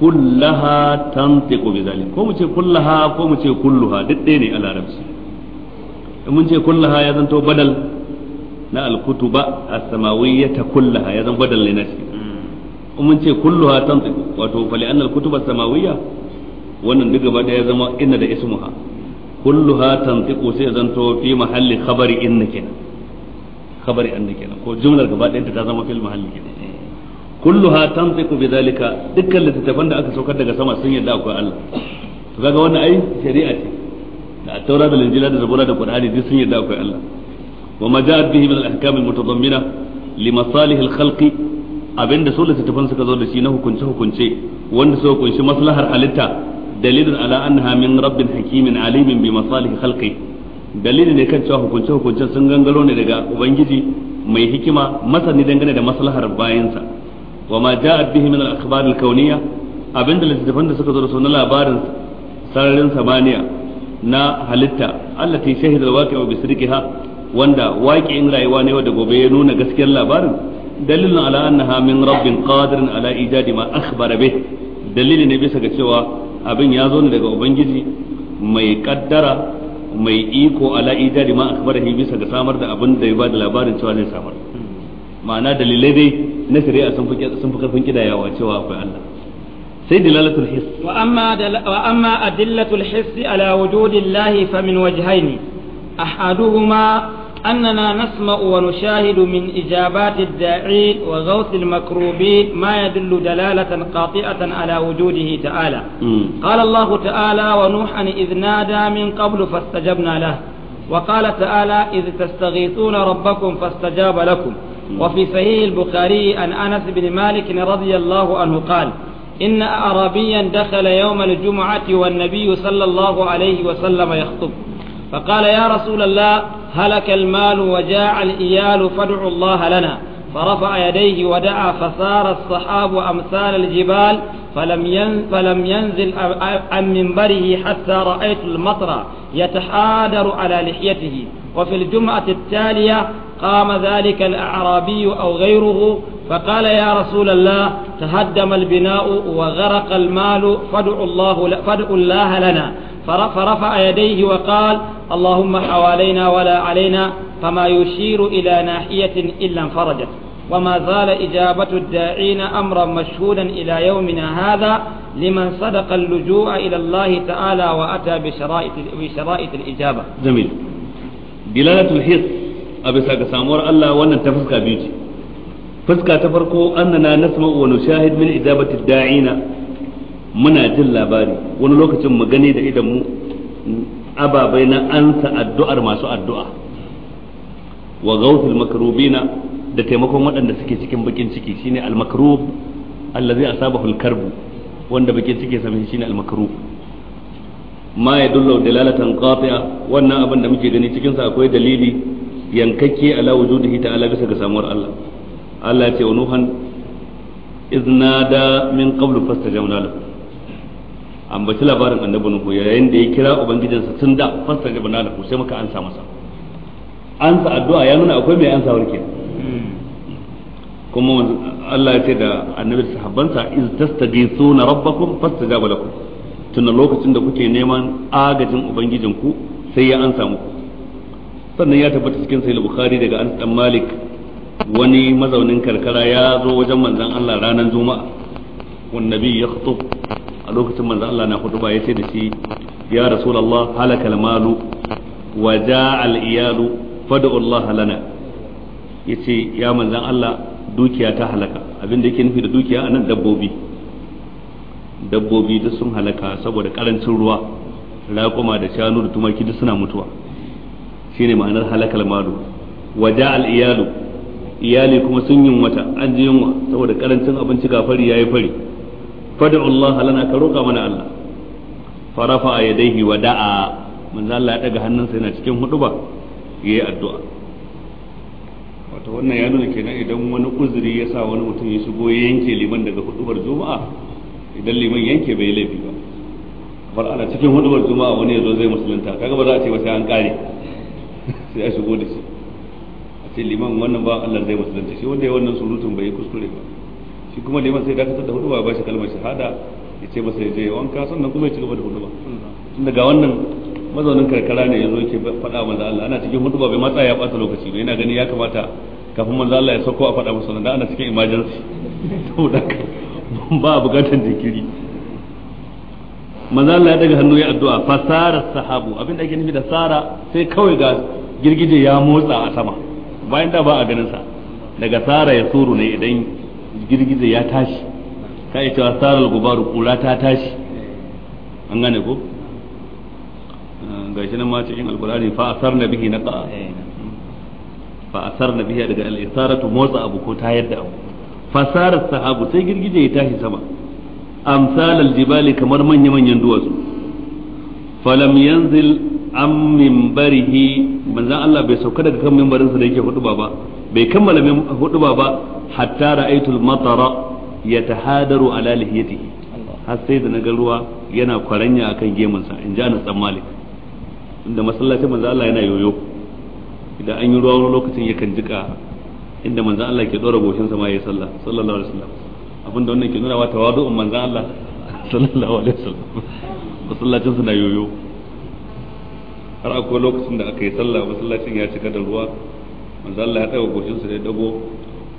كلها تنطق بذلك كم كلها كم كلها دتيني على ربسي من كلها يزنتو بدل na alkutuba as-samawiyyata kullaha ya zan badal na shi mun ce kulluha tantiqu wato wannan duk gaba ya zama inna da ismuha kulluha tantiqu sai zan fi mahalli khabari inna kenan khabari anna kenan ko jumlar gaba ɗaya ta zama fil mahalli kenan kulluha tantiqu bidhalika dukkan littattafan da aka saukar daga sama sun yadda akwai Allah to kaga wannan ai shari'a ce da taura da linjila da zabura da qur'ani duk sun yadda akwai Allah wa ma ja'at bihi min al-ahkam al-mutadammina li masalih al-khalq abinda su littattafan suka zo da shi na hukunce hukunce wanda suka kunshi maslahar halitta dalilin ala annaha min rabbin hakimin alimin bi masalih khalqi dalili ne kan cewa hukunce hukuncen sun gangaro ne daga ubangiji mai hikima masani dangane da maslahar bayansa wa ma ja'at bihi min al-akhbar al abinda littattafan da suka zo da sunan labarin sararin samaniya na halitta allati shahida al-waqi'u bi sirqiha wanda waqi'in rayuwa ne wanda gobe ya nuna gaskiyar labarin dalilin ala annaha min rabbin qadirin ala ijadi ma akhbara bih dalili ne bisa ga cewa abin ya zo ne daga ubangiji mai kaddara mai iko ala ijadi ma akhbara bisa ga samar da abin da ya ba da labarin cewa zai samar ma'ana dalilai dai na shari'a sun fi karfin kidayawa cewa akwai Allah sai dilalatul his wa amma wa amma adillatul his ala wujudillahi fa min wajhaini ahaduhuma أننا نسمع ونشاهد من إجابات الداعي وغوث المكروبين ما يدل دلالة قاطعة على وجوده تعالى قال الله تعالى ونوحا إذ نادى من قبل فاستجبنا له وقال تعالى إذ تستغيثون ربكم فاستجاب لكم وفي صحيح البخاري عن أنس بن مالك رضي الله عنه قال إن أعرابيا دخل يوم الجمعة والنبي صلى الله عليه وسلم يخطب فقال يا رسول الله هلك المال وجاع الإيال فادعوا الله لنا فرفع يديه ودعا فصار الصحاب أمثال الجبال فلم فلم ينزل عن منبره حتى رأيت المطر يتحادر على لحيته وفي الجمعة التالية قام ذلك الأعرابي أو غيره فقال يا رسول الله تهدم البناء وغرق المال فادعوا الله, فادعوا الله لنا فرفع يديه وقال اللهم حوالينا ولا علينا فما يشير إلى ناحية إلا انفرجت وما زال إجابة الداعين أمرا مشهودا إلى يومنا هذا لمن صدق اللجوء إلى الله تعالى وأتى بشرائط, بشرائط الإجابة جميل بلالة الحيط a bisa ga samuwar Allah wannan ta fuska biyu ce fuska ta farko annana nasma'u wa nushahid min ijabati da'ina muna jin labari wani lokacin mu gani da idan mu ababai na ansa addu'ar masu addu'a wa gawtul makrubina da taimakon waɗanda suke cikin bakin ciki shine al-makrub allazi asabahu al-karbu wanda bakin ciki sa shine al-makrub ma yadullu dalalatan qati'a wannan abin da muke gani cikin sa akwai dalili yankakke ala wujudihi ta'ala bisa ga samuwar Allah Allah ya ce wa nuhan iznada min qablu fastajabna lahu ambaci labarin annabi nuhu yayin da ya kira ubangijinsa tun da fastajabna lahu sai muka ansa masa ansa addu'a ya nuna akwai mai ansa warke kuma Allah ya ce da annabi sahabbansa iz tastaghithuna rabbakum fastajaba lakum tun lokacin da kuke neman agajin ubangijinku sai ya ansa muku sannan ya tabbata cikin sai bukhari daga an dan malik wani mazaunin karkara ya zo wajen manzon Allah ranar juma'a wan nabi ya khutub a lokacin manzon Allah na khutuba ya ce da shi ya rasulullah halakal malu wa ja'al iyalu fad'u Allah lana yace ya manzon Allah dukiya ta halaka abin da yake nufi da dukiya anan dabbobi dabbobi duk sun halaka saboda karancin ruwa raƙuma da shanu da tumaki duk suna mutuwa shine ma'anar halakal malu wa ja'al iyalu iyali kuma sun yin wata an ji yunwa saboda karancin abinci ga fari yayi fari fad'u Allah lana ka roka mana Allah farafa yadayhi wa da'a manzo Allah ya daga hannunsa yana cikin huduba yayi addu'a wato wannan ya nuna kenan idan wani uzuri ya sa wani mutum ya shigo ya yanke liman daga hudubar juma'a idan liman yanke bai laifi ba kamar ana cikin hudubar juma'a wani ya zo zai musulunta kaga ba za a ce ba sai an kare sai a shigo da shi a ce liman wannan ba Allah zai musulunta shi wanda ya wannan surutun bai kuskure ba shi kuma liman sai dakatar da hudu ba shi kalmar shahada ya ce masa ya je wanka sannan kuma ya ci gaba da huduba ba tunda ga wannan mazaunin karkara ne ya zo yake faɗa manzo Allah ana cikin huduba bai matsa ya ɓata lokaci ba yana gani ya kamata kafin manzo Allah ya sauko a faɗa masa da ana cikin emergency [LAUGHS] da ba a bukatar jinkiri manzo Allah ya daga hannu ya addu'a fasara sahabu abin da ake nufi da sara sai kawai ga girgije ya motsa a sama bayan da ba a ganin sa daga sara ya suru ne idan girgije ya tashi ka yi cewa sarar gubaru kura ta tashi an gane ko ah, gashi nan ma cikin alkurani fa asar na bihi na ka'a fa asar na bihi daga al'isaratu motsa abu ko ta yadda abu fasarar sahabu sai girgije ya tashi sama amsal aljibali kamar manya-manyan duwatsu falam yanzil an mimbarihi manzan Allah bai sauka daga kan minbarin sa da yake hudu ba bai kammala hudu ba hatta ra'aytul matara ya yatahadaru ala lihiyatihi har sai da naga ruwa yana kwaranya akan gemun sa inji Anas dan Malik inda masallacin manzan Allah yana yoyo idan an yi ruwa wani lokacin yakan jika inda manzan Allah ke dora goshin sa ma yayi sallah sallallahu alaihi wasallam abinda wannan ke nuna wa tawadu'un manzon Allah [LAUGHS] sallallahu alaihi wasallam masallacin sa na yoyo har akwai lokacin da aka yi sallah masallacin ya cika da ruwa manzo Allah ya tsaya goshin sa ya dago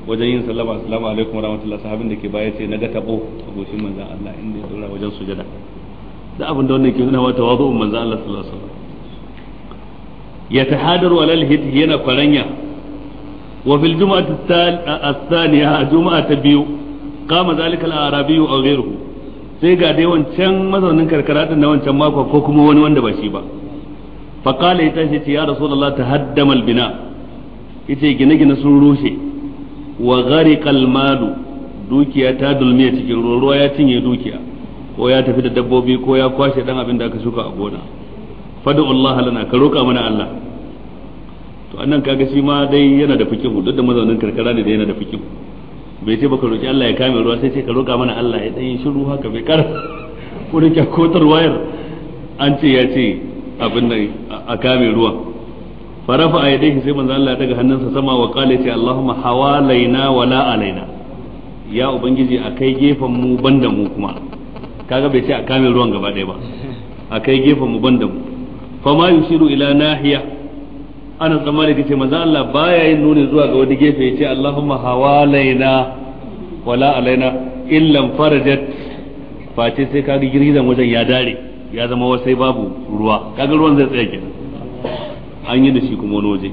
wajen yin sallama assalamu alaikum warahmatullahi sahabin da ke baya ce na ga tabo a goshin manzo Allah inda ya dora wajen sujada da abin da wannan ke nuna wa tawazu'un manzo Allah sallallahu alaihi wasallam tahadaru alal hit yana kwaranya wa fil jum'ati ath-thaniya jum'ata ta biyu qama zalika al-arabi wa ghayruhu sai ga dai wancan mazaunin karkara din na wancan mako ko kuma wani wanda ba shi ba faƙala ya tashi ce ya rasulullah ta haddamal bina yace gine-gine sun rushe wa gharikal malu dukiya ta dulmiya cikin ruwa ya cinye dukiya ko ya tafi da dabbobi ko ya kwashe dan abin da aka shuka a gona fadu Allah lana ka roka mana Allah to annan kaga shi ma dai yana da fikihu duk da mazaunin karkara ne da yana da fikihu bai ce baka roki Allah ya kame ruwa sai ce ka roka mana Allah ya dan shiru haka bai kar ko da kyakotar wayar an ce ya ce abin nan a kame ruwan farafa a yadda sai manzo Allah ya daga hannunsa sama wa qala ce Allahumma hawalaina wala alaina ya ubangiji a kai gefen mu banda mu kuma kaga bai ce a kame ruwan gaba ɗaya ba a kai gefen mu banda mu fa ma yushiru ila nahiya ana tsammani ce manzo Allah baya yin nuni zuwa ga wani gefe ya ce Allahumma hawalaina wala alaina illan farajat face sai kaga girgizan wajen ya dare ya zama wasai babu ruwa kaga ruwan zai tsaya kenan an yi da shi kuma wani waje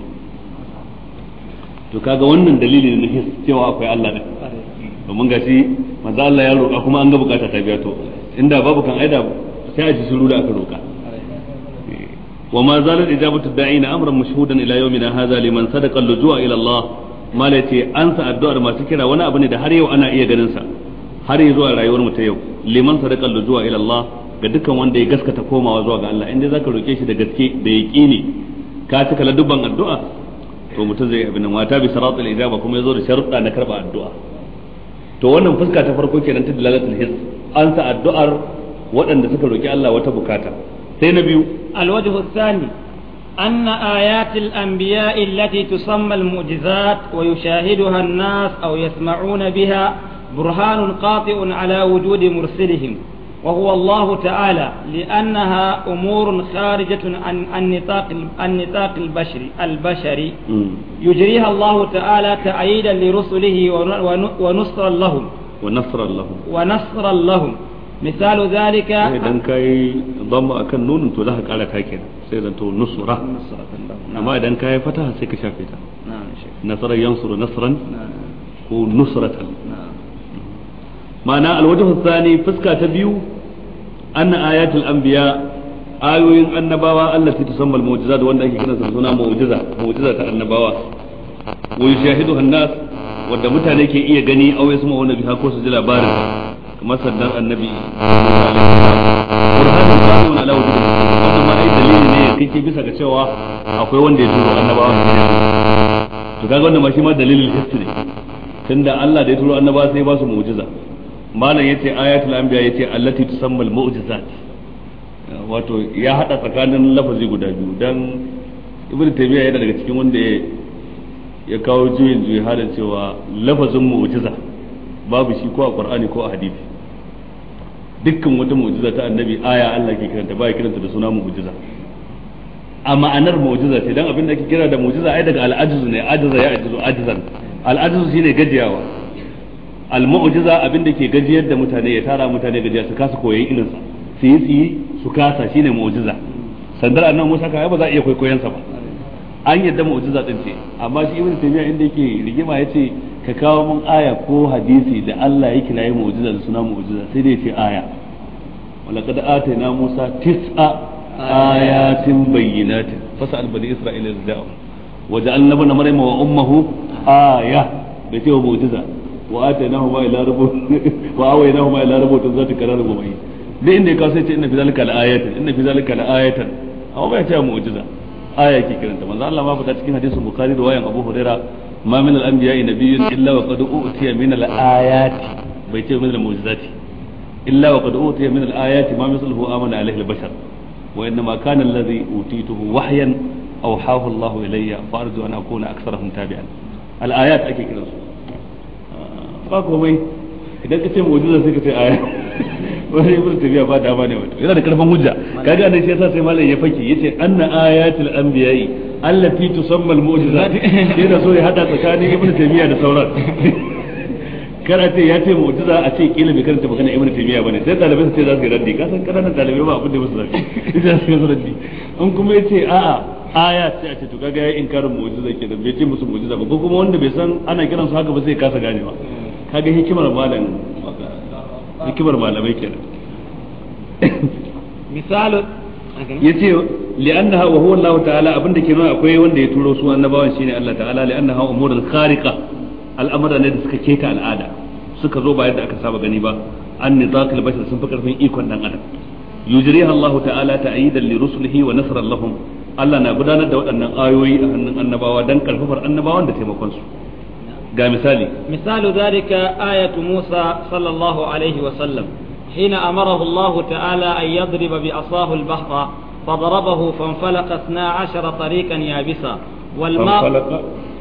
to kaga wannan dalili ne na cewa akwai Allah ne domin gashi manzo Allah ya roƙa kuma an ga bukata ta biya to inda babu kan aida sai a ji shiru da aka roƙa wa ma zalat ijabatu da'ina amran mashhudan ila yawmina hadha liman sadaqa al-lujua ila Allah mala ce an sa addu'ar masu kira wani abu ne da har yau ana iya ganin sa har zuwa rayuwar mu ta yau liman sadaqa al-lujua ila Allah ga dukkan wanda ya gaskata komawa zuwa ga Allah inda zaka roke shi da gaske da yaqini ka cika ladubban addu'a to mutum zai abin wata bi siratul ijaba kuma yazo da sharuɗa na karba addu'a to wannan fuska ta farko kenan ta dalalatul his an sa addu'ar waɗanda suka roki Allah wata bukata sai na biyu alwajhu thani أن آيات الأنبياء التي تسمى المعجزات ويشاهدها الناس أو يسمعون بها برهان قاطع على وجود مرسلهم وهو الله تعالى لأنها أمور خارجة عن النطاق النطاق البشري البشري يجريها الله تعالى تأييدا لرسله ونصرا لهم ونصرا لهم ونصرا لهم مثال ذلك إذا كاي ضم أكن نون تلاحق على كاكين سيدا تو نصرة أما إذا كاي فتح سيك شافيتا نعم نصر ينصر نصرا ونصرة ma'ana alwajhu thani fuska ta biyu anna ayatul anbiya ayoyin annabawa Allah sai tusammal mu'jiza da wanda ake kiran sa suna mu'jiza mu'jiza ta annabawa wa yashahidu an-nas wanda mutane ke iya gani aw yasma wa biha ko su ji labarin kamar sandan annabi Qur'anin qawlun ala wajhi wanda ma ai dalili ne kike bisa ga cewa akwai wanda ya turo annabawa to kaga wannan ma shi ma dalilin history tunda Allah da ya turo annabawa sai ba su mu'jiza malam yace ayatul anbiya yace allati tusammal mu'jizat wato ya hada tsakanin lafazi guda biyu dan ibnu taymiya yana daga cikin wanda ya kawo juyin juyi halin cewa lafazin mu'jiza babu shi ko a qur'ani ko a hadisi dukkan wata mu'jiza ta annabi aya Allah ke kiranta ba ya kiranta da suna mu'jiza a ma'anar mu'jiza ce dan abin da ake kira da mu'jiza ai daga al'ajizu ne ajza ya ajizu ajizan al'ajizu shine gajiyawa al-mu'jiza abinda ke gajiyar da mutane ya tara mutane gajiya su kasa koyon irin sa su yi tsiyi su kasa shine mu'jiza sandar annabi Musa kai ba za a iya koyon sa ba an yadda mu'jiza din ce amma shi ibnu taymiya inda yake rigima yace ka kawo mun aya ko hadisi da Allah ya nayi mu'jiza da suna mu'jiza sai dai ce aya walaqad atayna Musa tis'a ayatin bayyinatin fas'al bani isra'ila da'u waja'alna bana maryama wa ummuhu aya bai ce mu'jiza wa atainahuma ila rabbul [LAUGHS] wa awainahuma ila rabbutin zati qarar gumai duk inda ya ce inna fi zalika laayatin inna fi zalika laayatin amma bai ce mu'jiza aya ke kiranta manzo Allah ma fada cikin hadisin bukhari da wayan abu huraira ma min al-anbiya'i nabiyyun illa wa qad utiya min al-ayati bai ce min al-mu'jizati illa wa qad utiya min al-ayati ma misluhu amana alayhi al-bashar wa innama kana alladhi utituhu wahyan awhahu Allah ilayya fa ake kiransu ba komai idan ka ce mu'jiza sai ka ce aya wani ibnu tafiya ba dama ne wato yana da karfin hujja kaga anan shi yasa sai malam ya faki yace anna ayatul anbiya'i allati tusamma al mu'jizat sai da so ya hada tsakanin ibnu tabiya da sauran Kada ce ya ce mu'jiza a ce kila bai karanta magana ibnu taymiya bane sai dalibai su ce za su yi raddi ka san kananan dalibai ba abin da musu zafi idan su yi raddi an kuma ya ce a'a aya sai a ce to kaga ya inkarin mu'jiza kenan bai ce musu mu'jiza ba ko kuma wanda bai san ana kiransu haka ba sai kasa ganewa kaga hikimar malam hikimar malamai kenan misalu yace li'annaha wa huwa Allah ta'ala abinda ke nuna akwai wanda ya turo su annabawan shine Allah ta'ala li'annaha umurul khariqa al'amara ne da suka keta al'ada suka zo bayar da aka saba gani ba an zakal bashar sun fi karfin ikon dan adam yujriha Allah ta'ala ta'idan li rusulihi wa nasra lahum Allah na gudanar da waɗannan ayoyi a hannun annabawa dan karfafar annabawan da taimakon su ga misali misalu zalika ayatu Musa sallallahu alaihi wa sallam حين أمره الله تعالى أن يضرب بعصاه البحر فضربه فانفلق اثنا عشر طريقا يابسا والماء فانفلق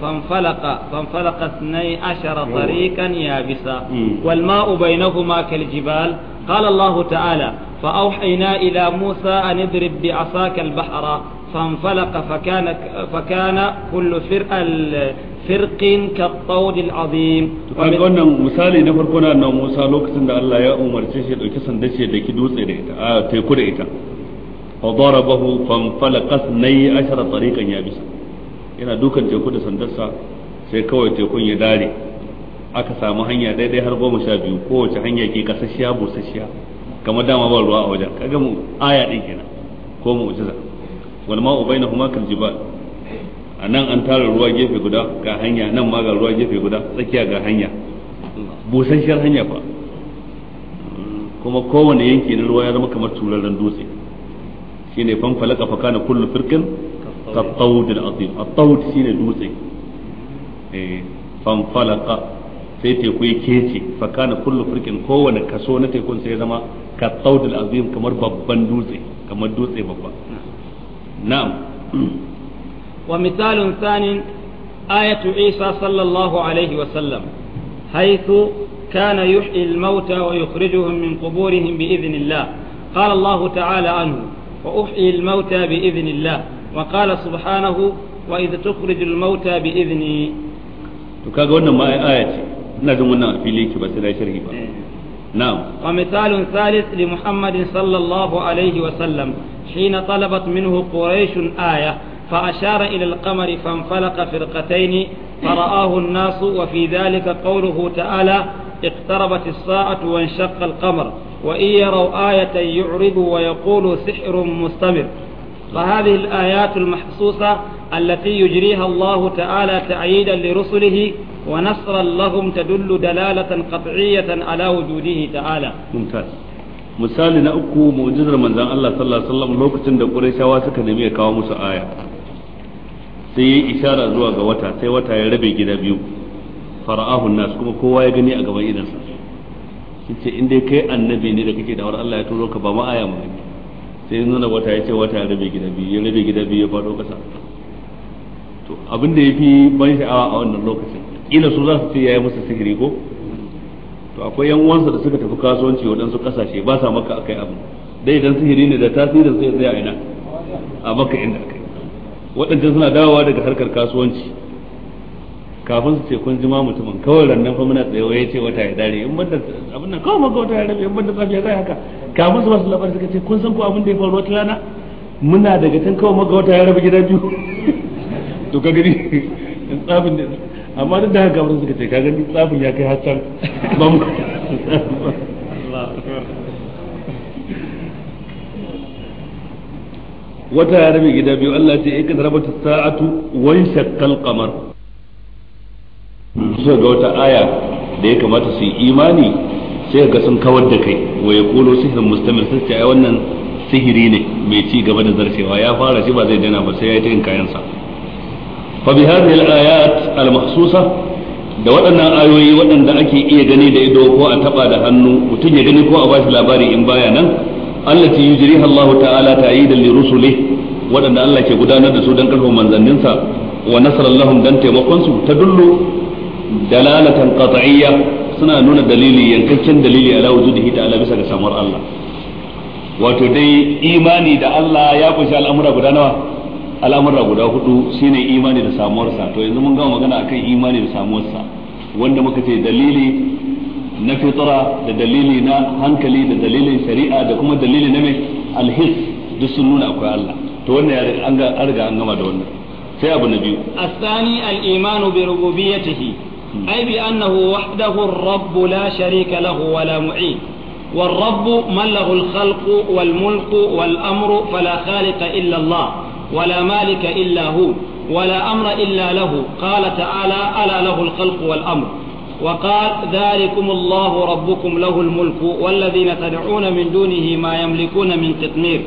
فانفلق فانفلق اثني عشر طريقا يابسا والماء بينهما كالجبال قال الله تعالى فأوحينا إلى موسى أن اضرب بعصاك البحر فانفلق فكان فكان كل فرقة firqin ka qawdil azim wannan misali na farko na annabi Musa lokacin da Allah ya umarce shi dauki sanda ce da ki dutse da ita a teku da ita fa darabahu fanfalaqat nay ashara tariqan yabisa yana dukan teku da sandarsa sai kawai tekun ya dare aka samu hanya daidai har goma sha biyu kowace hanya ke kasashiya busasshiya kamar dama ba ruwa a wajen kaga mu aya din kenan ko mu'jiza wal ma'u bainahuma kal jibal a nan an tara ruwa gefe guda ga hanya nan ma ga ruwa gefe guda tsakiya ga hanya busasshiyar hanya fa kuma kowane yanki na ruwa ya zama kamar turaren dutse shine fan faka na kana kullu firkin ka tawd al a at shi shine dutse eh sai teku ya kece faka na kullu firkin kowane kaso na tekun sai zama ka tawd azim kamar babban dutse kamar dutse babba na'am ومثال ثاني آية عيسى صلى الله عليه وسلم حيث كان يحيي الموتى ويخرجهم من قبورهم بإذن الله قال الله تعالى عنه وأحيي الموتى بإذن الله وقال سبحانه وإذ تخرج الموتى بإذني تكاغا wannan ma aya ce ina jin wannan a fili ki ba sai na sharhi ba نعم ومثال ثالث لمحمد صلى الله عليه وسلم حين طلبت منه قريش آية فأشار إلى القمر فانفلق فرقتين فرآه الناس وفي ذلك قوله تعالى اقتربت الساعة وانشق القمر وإن يروا آية يعرض ويقول سحر مستمر فهذه الآيات المحسوسة التي يجريها الله تعالى تعييدا لرسله ونصرا لهم تدل دلالة قطعية على وجوده تعالى ممتاز misali na uku من manzon صلى الله عليه وسلم lokacin da Qurayshawa suka nemi ya آية sai ya yi ishara zuwa ga wata sai wata ya rabe gida biyu fara'ahu nasu kuma kowa ya gani a gaban idansa shi ce inda kai annabi ne da kake dawar Allah ya turo ka ba ma aya mu sai ya nuna wata ya ce wata ya rabe gida biyu ya rabe gida biyu ya faɗo ƙasa to abin da ya fi ban sha'awa a wannan lokacin ila su za su ce ya yi musu sihiri ko to akwai yan uwansa da suka tafi kasuwanci waɗansu ƙasashe ba sa maka akai abu dai idan sihiri ne da tasirin sai zai a ina a maka inda waɗancan suna dawowa daga harkar kasuwanci kafin su ce kun jima mutumin kawai rannan fa muna tsaye ya ce wata ya dare in banda abin nan kawai maka wata ya rabe in banda safiya zai haka kafin su basu labarin suka ce kun san ko abin da ya faru wata rana muna daga can kawai maka wata ya rabe gida biyu [LAUGHS] to ka gani tsafin da amma duk da haka kafin suka ce ka gani tsafin ya kai har can [LAUGHS] ba mu [LAUGHS] wata ya rabe gida biyu Allah ce in rabata sa'atu wan shakkal qamar sai ga wata aya da ya kamata su yi imani sai ga sun kawar da kai wa kolo sihirin mustamil sun ce wannan sihiri ne mai ci gaba da zarcewa ya fara shi ba zai daina ba sai ya yi cikin kayansa fa bi hadhihi al-ayat al-mahsusa da waɗannan ayoyi waɗanda ake iya gani da ido ko a taba da hannu mutum ya gani ko a bashi labari in baya nan allati yujriha Allah ta'ala ta'idan li rusulih wadanda Allah ke gudanar da su dan karfin manzanninsa wa nasarallahum dan taimakon su tadullu dalalatan qat'iyya suna nuna dalili yankakken dalili ala wujudihi ta'ala bisa ga samuwar Allah wato dai imani da Allah ya kunshi al'amura guda nawa al'amura guda hudu shine imani da samuwarsa to yanzu mun gama magana akan imani da samuwarsa wanda muka ce dalili na fitara da dalili na hankali da dalilin shari'a da kuma dalili na mai alhis duk sun nuna akwai Allah to wannan an ga an riga an gama da wannan sai abu na biyu asani al-imanu bi rububiyyatihi ay bi annahu wahdahu ar-rabb la sharika lahu wa la mu'in والرب من له الخلق والملك والأمر فلا خالق إلا الله ولا مالك إلا هو ولا أمر إلا له قال تعالى ألا له الخلق والأمر وقال ذلكم الله ربكم له الملك والذين تدعون من دونه ما يملكون من قطمير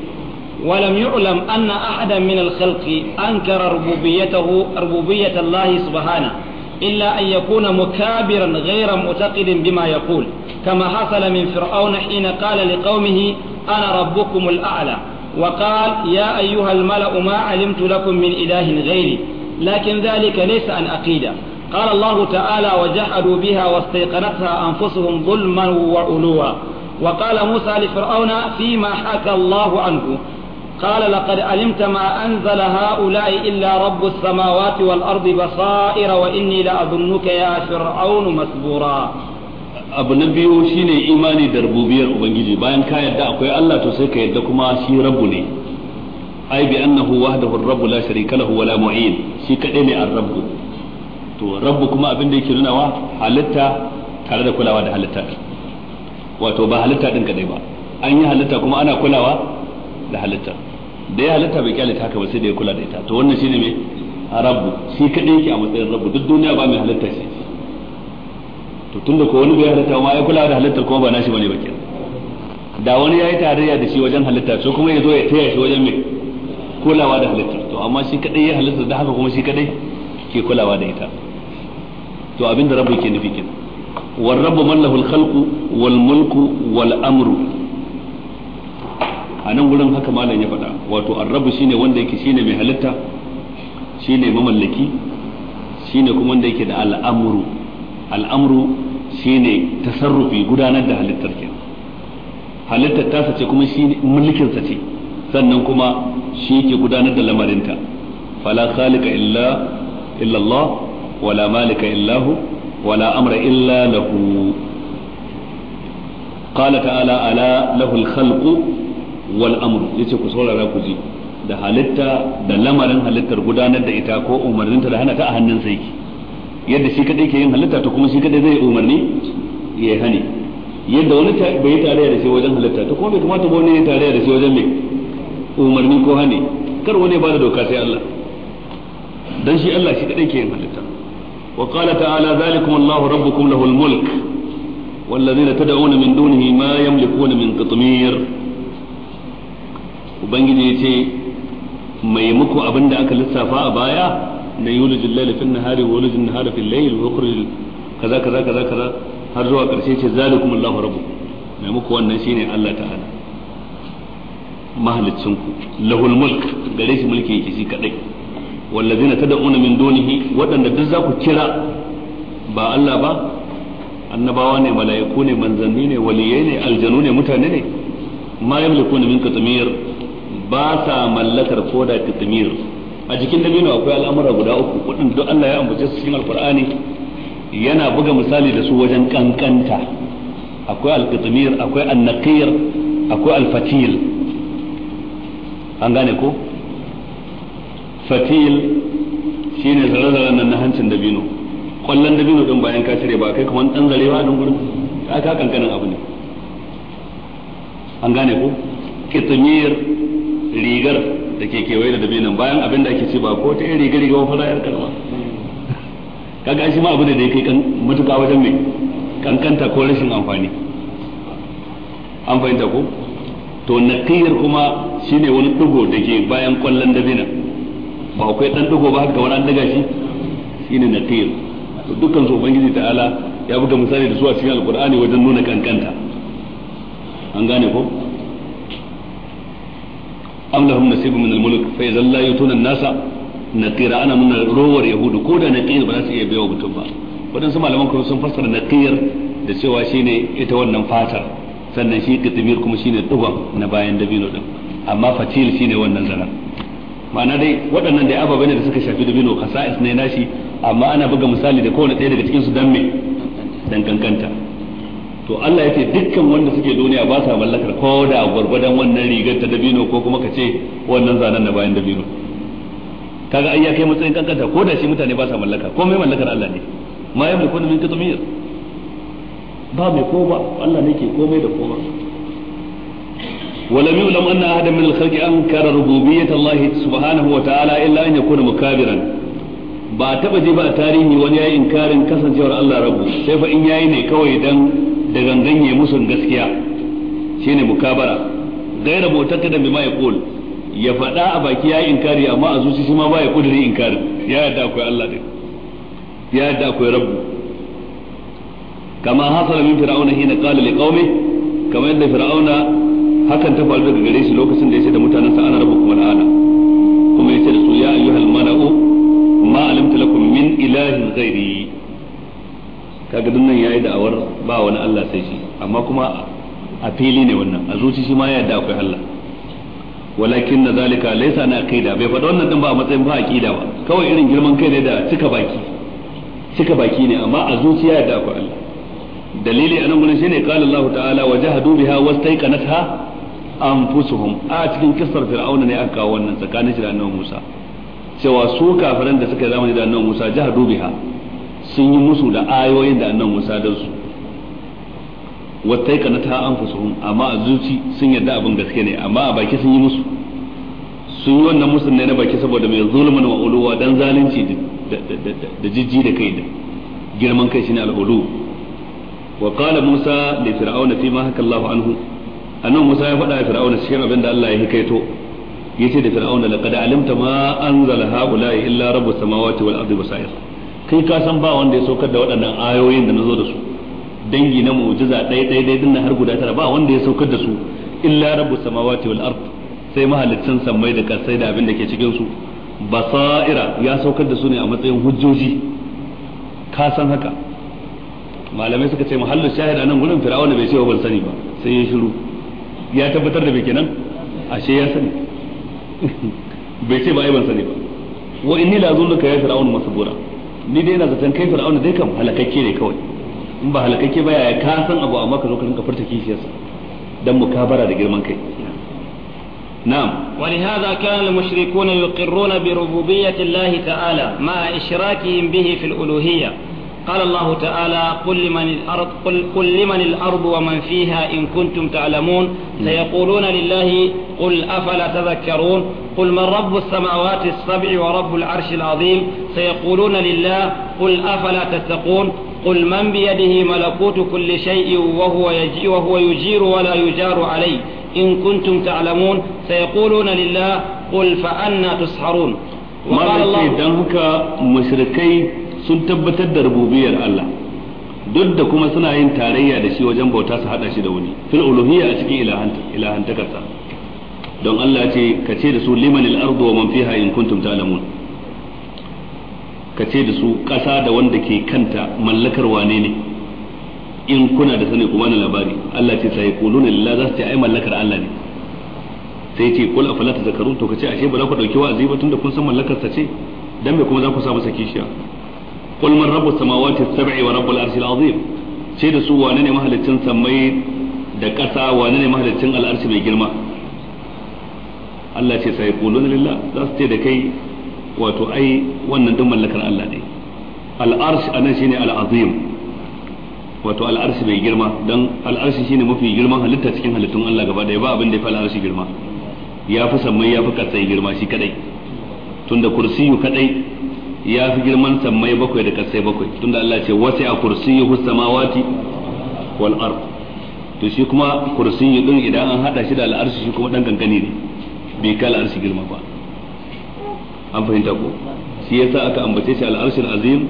ولم يعلم أن أحدا من الخلق أنكر ربوبيته ربوبية الله سبحانه إلا أن يكون مكابرا غير معتقد بما يقول كما حصل من فرعون حين قال لقومه أنا ربكم الأعلى وقال يا أيها الملأ ما علمت لكم من إله غيري لكن ذلك ليس عن أقيده قال الله تعالى وجحدوا بها واستيقنتها أنفسهم ظلما وعلوا وقال موسى لفرعون فيما حكى الله عنه قال لقد علمت ما أنزل هؤلاء إلا رب السماوات والأرض بصائر وإني لأظنك يا فرعون مسبورا abu na biyu shine imani da rububiyar ubangiji bayan ka yadda akwai Allah to sai ka yadda kuma shi rabbu ne ai bi annahu wahdahu ar-rabb la sharika lahu wa la mu'in shi kadai ne ar-rabb to rabbu kuma abin da yake nunawa halitta tare da kulawa da halitta wato ba halitta din kadai ba an yi halitta kuma ana kulawa da halitta da ya halitta bai kyale haka ba sai da ya kula da ita to wannan shine me rabbu shi kadai yake a matsayin rabbu duk duniya ba mai halitta shi to tunda ko wani bai halitta ma ya kula da halittar kuma ba nashi bane ba kenan da wani yayi tarayya da shi wajen halitta so kuma ya zo ya taya shi wajen me kulawa da halittar to amma shi kadai ya halitta da haka kuma shi kadai ke kulawa da ita to abinda rabu yake nufi kin wal rabu man lahul khalqu wal mulku wal amru a nan gurin haka malam ya faɗa wato al-rabu shine wanda yake shine mai halitta shine mamallaki shine kuma wanda yake da al-amru shine tasarrufi gudanar da halittar ke halittar tasa ce kuma shi mulkin sa ce sannan kuma shi yake gudanar da lamarinta fala khaliqa illa illa Allah wala malika إلا wala ولا illa lahu qala ta'ala ala ألا له الخلق والأمر amru صورة ku saurara ku ji da halitta da lamarin halittar gudanar da ita ko umarninta da hana ta a hannun sai yadda shi kadai ke yin halitta to kuma shi kadai zai umarni ya yi hani yadda wani bai yi tarayya da shi wajen halitta to kuma bai kamata ba wani ya tarayya da shi wajen mai umarni ko hani kar wani ba da doka sai Allah dan shi Allah shi kadai ke yin halitta وقال تعالى ذلكم الله ربكم له الملك والذين تدعون من دونه ما يملكون من قطمير ubangiji ya ce mai muku abin da aka lissafa a baya na yulijin lalifin nahari wa yulijin nahari fil kaza kaza kaza kaza har zuwa karshe ce zalikum mai muku wannan shine Allah ta'ala mahalicin gare shi mulki yake kaɗai. wallazina tad'una min dunihi waɗanda duk za ku kira ba Allah ba annabawa ne mala'iku ne manzanni ne waliyai ne aljanu ne mutane ne ma yamlikuna min katmir ba sa mallakar koda katmir a cikin dabino akwai al'amura guda uku waɗanda duk Allah ya ambace su cikin alqur'ani yana buga misali da su wajen kankanta akwai alqatmir akwai annaqir akwai alfatil an gane ko fatil shine zare-zaren nan na hancin dabino kwallon dabino din bayan ka cire ba kai kuma dan zare ba dan gurin aka kankanin abu ne an gane ko kitmir rigar da ke kewaye da dabinon bayan abin da ake ce ba ko ta yin rigar rigar fara yar kalma kaga shi ma abu da ya kai kan mutuka wajen mai kankanta ko rashin amfani an fahimta ko to naqir kuma shine wani dugo da ke bayan kwallon dabinon ba akwai dan dugo ba haka wani an daga shi shine naqir to dukkan su ubangiji ta'ala ya buga misali da su a cikin alqur'ani wajen nuna kankanta an gane ko am lahum nasibun min almulk fa idza la yutuna an-nasa natira ana min rowar yahudu ko da naqir ba za su iya baiwa mutum ba wadansu malaman kuma sun fassara naqir da cewa shine ita wannan fatar sannan shi kitmir kuma shine duban na bayan dabino din amma fatil shine wannan zarar ma'ana dai waɗannan da ababai ne da suka shafi dabino khasa'is ne nashi amma ana buga misali da kowane ɗaya daga cikin su dan me dan kankanta to Allah ya ce dukkan wanda suke duniya ba sa mallakar ko da gwargwadon wannan rigar ta dabino ko kuma ka ce wannan zanen na bayan dabino kaga ai kai matsayin kankanta ko da shi mutane ba sa mallaka ko mai mallakar Allah ne ma yamliku min qitmir ba mai ko ba Allah ne ke komai da komai ولم يعلم أن أحدا من الخلق أنكر ربوبية الله سبحانه وتعالى إلا أن يكون مكابرا ba taba ji ba a tarihi wani yayi inkarin kasancewar Allah rabu sai fa in yayi ne kawai dan da gangan ya musun gaskiya shine mukabara gaira bautaka da bima yaqul ya faɗa a baki yayi inkari amma a zuci shi ma ba ya kudiri inkarin ya yadda akwai Allah din ya yadda akwai rabu kama hasala min fir'auna hina qala liqaumi kamar yadda fir'auna hakan ta faru daga gare shi lokacin da ya ce da mutanen sa ana rabu kuma la'ana kuma ya ce da su ya ayyuhal mala'u ma alimta lakum min ilahin ghairi kaga dun nan yayi da'awar ba wani Allah sai shi amma kuma a fili ne wannan a zuci shi ma ya yarda akwai Allah walakin na zalika laisa na aqida bai faɗa wannan din ba a matsayin ba aqida ba kawai irin girman kai ne da cika baki cika baki ne amma a zuciya da akwai Allah dalili anan gurin shine qala Allah ta'ala wajahadu biha wastaiqanatha anfusuhum a cikin kisar fir'auna ne aka kawo wannan tsakanin shi da annabi Musa cewa su kafiran da suka zamani da annabi Musa jahadu biha sun yi musu da ayoyin da annabi Musa dan su wattaikana ta anfusuhum amma a zuci sun yarda abin gaske ne amma a baki sun yi musu sun yi wannan musu ne na baki saboda mai zulmin wa uluwa dan zalunci da jijji da kai da girman kai shine al-ulu wa qala Musa li fir'auna fi ma haka Allahu anhu annan Musa ya faɗa Fir'auna cikin abin da Allah ya hikaito ce da Fir'auna laqad alimta ma haɓula haula illa rabbus samawati wal ardi basair kai ka san ba wanda ya saukar da waɗannan ayoyin da nazo da su dangi na mu'jiza ɗaya ɗaya ɗaya dinnan har guda tara ba wanda ya saukar da su illa rabbus samawati wal ard sai mahalicin sammai da kasai da abin da ke cikin su basaira ya saukar da su ne a matsayin hujjoji ka san haka malamai suka ce mahallin shahid nan gurin fir'auna bai ce ban sani ba sai ya shiru ya tabbatar da bai kenan ashe ya sani bai ce ba ai ban sani ba wa inni la zulluka ya fir'aun masbura ni dai ina zaton kai fir'aun dai kam halakakke ne kawai in ba halakakke ba ya ka san abu amma ka zo ka rinka furta kishiyarsa dan mukabara da girman kai نعم ولهذا كان المشركون يقرون بربوبية الله تعالى مع إشراكهم به في الألوهية قال الله تعالى قل لمن الأرض قل, قل لمن الأرض ومن فيها إن كنتم تعلمون نعم. سيقولون لله قل أفلا تذكرون قل من رب السماوات السبع ورب العرش العظيم سيقولون لله قل أفلا تتقون قل من بيده ملكوت كل شيء وهو يجي وهو يجير ولا يجار عليه إن كنتم تعلمون سيقولون لله قل فأنا تسحرون وقال الله دمك مشركين sun tabbatar da rububiyar Allah duk da kuma suna yin tarayya da shi wajen bauta su hada shi da wani fil uluhiyya a cikin ilahantakarsa don Allah ce ka ce da su limanil ardu wa man fiha in kuntum ta'lamun ka ce da su ƙasa da wanda ke kanta mallakar wane ne in kuna da sani kuma na labari Allah ce sai kuluna lillah za su ce ai mallakar Allah ne sai ce kul afala tazakkarun to ka ce ashe ba za ku dauki wa'azi ba tunda kun san mallakar ta ce dan me kuma za ku sa masa kishiya qul man rabbus samawati as-sab'i wa rabbul arshil azim sai da su wane ne mahalicin samai da ƙasa wane ne mahalicin al'arshi mai girma Allah ce sai qulun lillah za su ce da kai wato ai wannan duk mallakar Allah ne al'arshi anan shine al'azim wato al'arshi mai girma dan al'arshi shine mafi girman halitta cikin halittun Allah gaba daya ba abin da ya fi al'arshi girma ya fi sammai ya fi katsai girma shi kadai tunda kursiyu kadai ya fi girman sammai bakwai da kasai bakwai tunda Allah ce wasi a kursiyyu samawati wal ard to shi kuma kursin kursiyyu din idan an hada shi da al'arshi shi kuma dan gangane ne bai kai al'arshi girma ba an fahimta ko shi yasa aka ambace shi al'arshi azim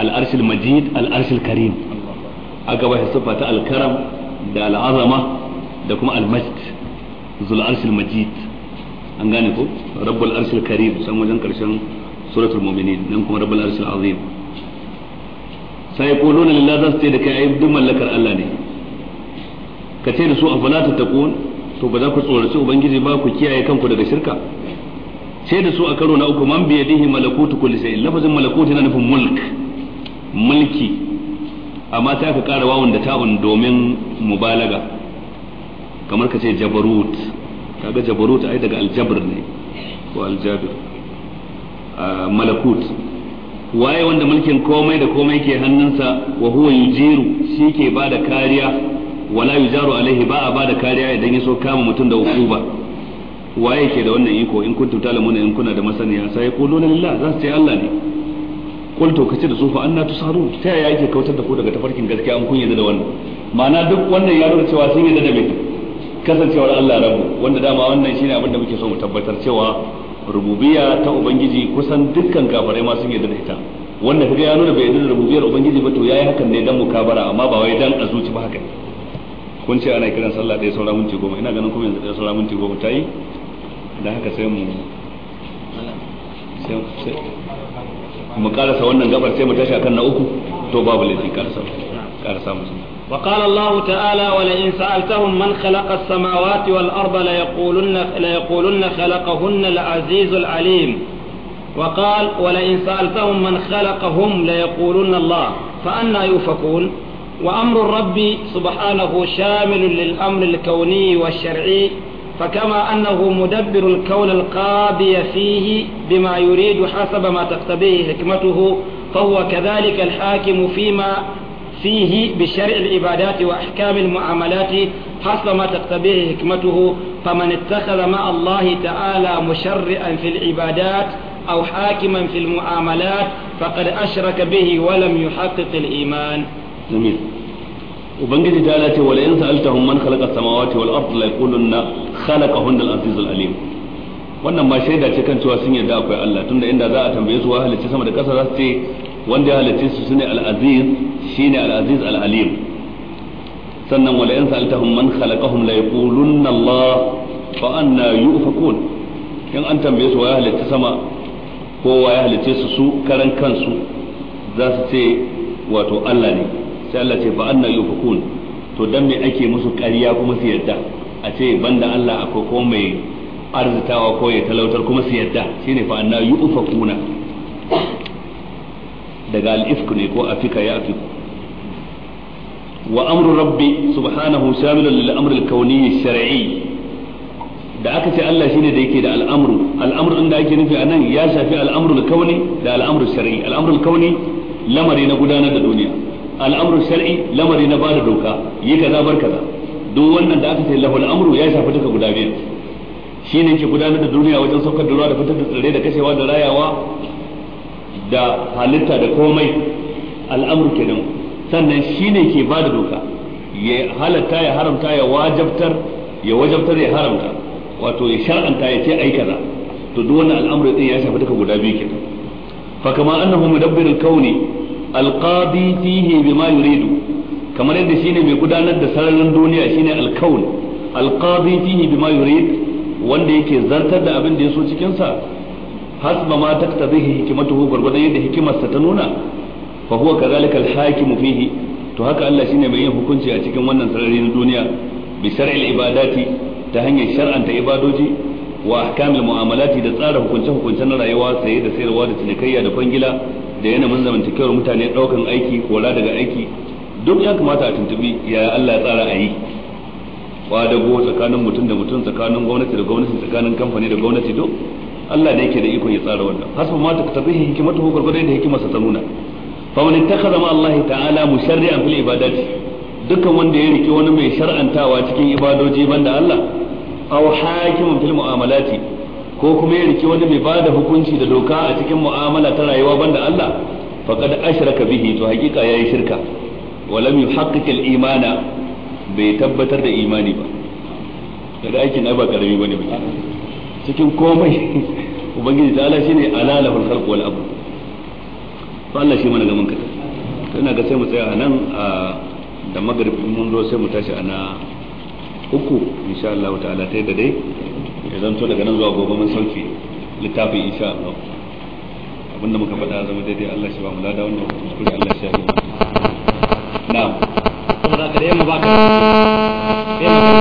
al'arshi majid al'arshi karim aka ba shi siffa ta al-karam da al'azama da kuma al-majd zul arshil majid an gane ko rabbul arshil karim san wajen karshen suratul mu'minin nan kuma rabbul arshil azim sai kuluna lillahi zasu ce da kai ai duk mallakar Allah ne ka ce da su afala tattaqun to ba za ku tsoraci ubangiji ba ku kiyaye kanku daga shirka ce da su a karo na uku man bi yadihi malakutu kulli shay lafazin malakutu na nufin mulk mulki amma ta ka kara wawun da ta'un domin mubalaga kamar ka ce jabarut kaga jabarut ai daga aljabr ne ko aljabir malakut waye wanda mulkin komai da komai ke hannunsa wa huwa yujiru shi ke ba da kariya wala yujaru alaihi ba a ba da kariya idan ya so kama mutum da hukuma waye ke da wannan iko in kuntum talamuna in kuna da masaniya sai ya kuluna lillah za su ce Allah ne kul to kace da sufa anna tusharun ta yaya yake kautar da ku daga tafarkin gaskiya an kun yarda da wannan ma'ana duk wannan ya nuna cewa sun yarda da me kasancewar Allah rabu wanda dama wannan shine abin da muke so mu tabbatar cewa Rububiya ta ubangiji kusan dukkan kafare ma sun yarda da ita wanda kaga ya nuna bai yarda da rububiyar ubangiji ba to yayi hakan ne dan mukabara amma ba wai dan a zuci ba haka kun ce ana kiran sallah ɗaya saura minti goma ina ganin kuma yanzu ɗaya saura minti goma ta yi da haka sai mu mu karasa wannan gabar sai mu tashi akan na uku to babu laifi karasa وقال الله تعالى ولئن سألتهم من خلق السماوات والأرض ليقولن, ليقولن خلقهن العزيز العليم وقال ولئن سألتهم من خلقهم ليقولن الله فأنا يؤفكون وأمر الرب سبحانه شامل للأمر الكوني والشرعي فكما أنه مدبر الكون القاضي فيه بما يريد حسب ما تقتضيه حكمته فهو كذلك الحاكم فيما فيه بشرع العبادات وأحكام المعاملات حسب ما تقتضيه حكمته فمن اتخذ مع الله تعالى مشرعا في العبادات أو حاكما في المعاملات فقد أشرك به ولم يحقق الإيمان جميل وبنجد دالته ولئن سألتهم من خلق السماوات والأرض ليقولن خلقهن العزيز العليم wannan ma shaida ce kan cewa sun yarda akwai Allah tunda inda za a tambaye su wa halicci sama da kasa za su ce wanda ya halicce su shine al-aziz shine al-aziz al-alim sannan wala in sa'altahum man khalaqahum la yaqulunna Allah fa anna yufakun in an tambaye su ya halicce sama ko ya halicce su su karan kansu za su ce wato Allah ne sai Allah ce fa anna yufakun to dan me ake musu ƙarya kuma su yarda a ce banda Allah akwai ko mai arzitawa ko ya talautar kuma su yarda shine fa anna yufakuna daga al ne ko afika ya afiku wa amru rabbi subhanahu shamilun lil amri al-kawni shar'i da aka ce Allah shine da yake da al'amru al'amru din da ake nufi anan ya shafi al'amru al-kawni da al'amru shar'i al'amru al-kawni lamari na gudanar da duniya al'amru shar'i lamari na bada doka yi kaza bar kaza duk wannan da aka ce al amru ya shafi duka guda biyu shine ke gudanar da duniya wajen saukar da ruwa da fitar da tsirrai da kashewa da rayawa da halitta da komai al'amur kenan sannan shine ke ba da doka ya halatta ya haramta ya wajabtar ya wajabtar ya haramta wato ya shar'anta ya ce ai kaza to duk wannan al'amur din ya shafi duka guda biyu kenan fa kama annahu mudabbir al-kauni al-qadi fihi bima yuridu kamar yadda shine mai gudanar da sararin duniya shine al-kaun al-qadi fihi bima yurid wanda yake zartar da abin da ya so cikin sa hasba ma taktabihi hikmatuhu gurgurdan yadda hikimarsa ta nuna fa huwa kadhalika al-hakimu fihi to haka Allah shine mai yin hukunci a cikin wannan sarari na duniya bi shar'il ibadati ta hanyar shar'anta ibadoji wa ahkamil mu'amalati da tsara hukunce hukuncen na rayuwa saye da sayarwa da cinikayya da kwangila da yanayin zamantakewar mutane daukan aiki kora daga aiki duk ya kamata a tuntubi yaya Allah ya tsara a yi kwadago tsakanin mutum da mutum tsakanin gwamnati da gwamnati tsakanin kamfani da gwamnati duk Allah da yake da ikon ya tsara wannan hasbu ma taktabihi hikmatuhu gurgurai da hikimarsa ta nuna fa man ittakhadha ma Allah ta'ala musharri'an fil ibadat dukkan wanda ya rike wani mai shar'antawa cikin ibadoji banda Allah aw hakimun fil mu'amalati ko kuma ya rike wani mai bada hukunci da doka a cikin mu'amala ta rayuwa banda Allah faqad ashraka bihi to hakika yayi shirka walam yuhaqqiq al imana bai tabbatar da imani ba da aikin ai ba karami bane ba cikin komai ubangiji ta alashi ne ala lahul wal amr to Allah shi mana gaman kada to ina ga sai mu tsaya nan a da magrib mun zo sai mu tashi ana uku insha Allah ta'ala tayi da dai idan to daga nan zuwa gobe mun sauke littafi insha Allah abinda muka faɗa zama daidai Allah shi ba mu lada wannan kuskure Allah shi ya na'am saboda ka da yamma ba ka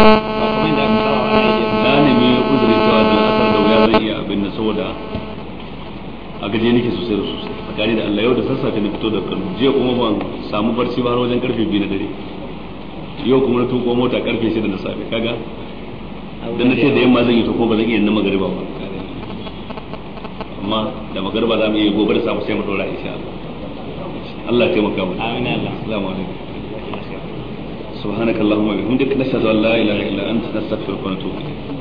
gaje nake sosai da sosai tsakani da Allah yau da sassafe na fito da kan jiya kuma ban samu barci ba har wajen karfe 2 na dare yau kuma na tuko mota karfe 6 na safe kaga dan na ce da yamma zan yi ta ko ba zan iya na magariba ba amma da magariba za mu yi gobe da safe sai mu dora insha Allah Allah ya taimaka mu amin Allah assalamu alaikum سبحانك اللهم وبحمدك نشهد ان لا اله الا انت نستغفرك ونتوب اليك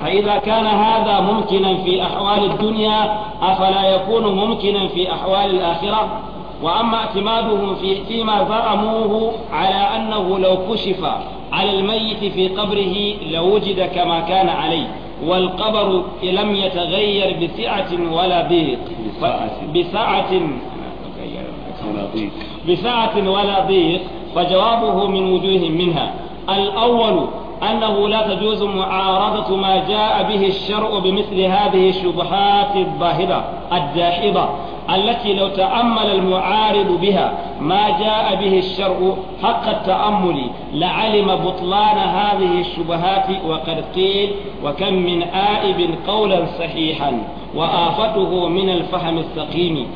فإذا كان هذا ممكنا في أحوال الدنيا أفلا يكون ممكنا في أحوال الآخرة وأما اعتمادهم في فيما زعموه على أنه لو كشف على الميت في قبره لوجد كما كان عليه والقبر لم يتغير بسعة ولا ضيق بسعة بسعة بسعة ولا ضيق فجوابه من وجوه منها الأول أنه لا تجوز معارضة ما جاء به الشرع بمثل هذه الشبهات الظاهرة الداحضة التي لو تأمل المعارض بها ما جاء به الشرع حق التأمل لعلم بطلان هذه الشبهات وقد قيل وكم من آئب قولا صحيحا وآفته من الفهم السقيم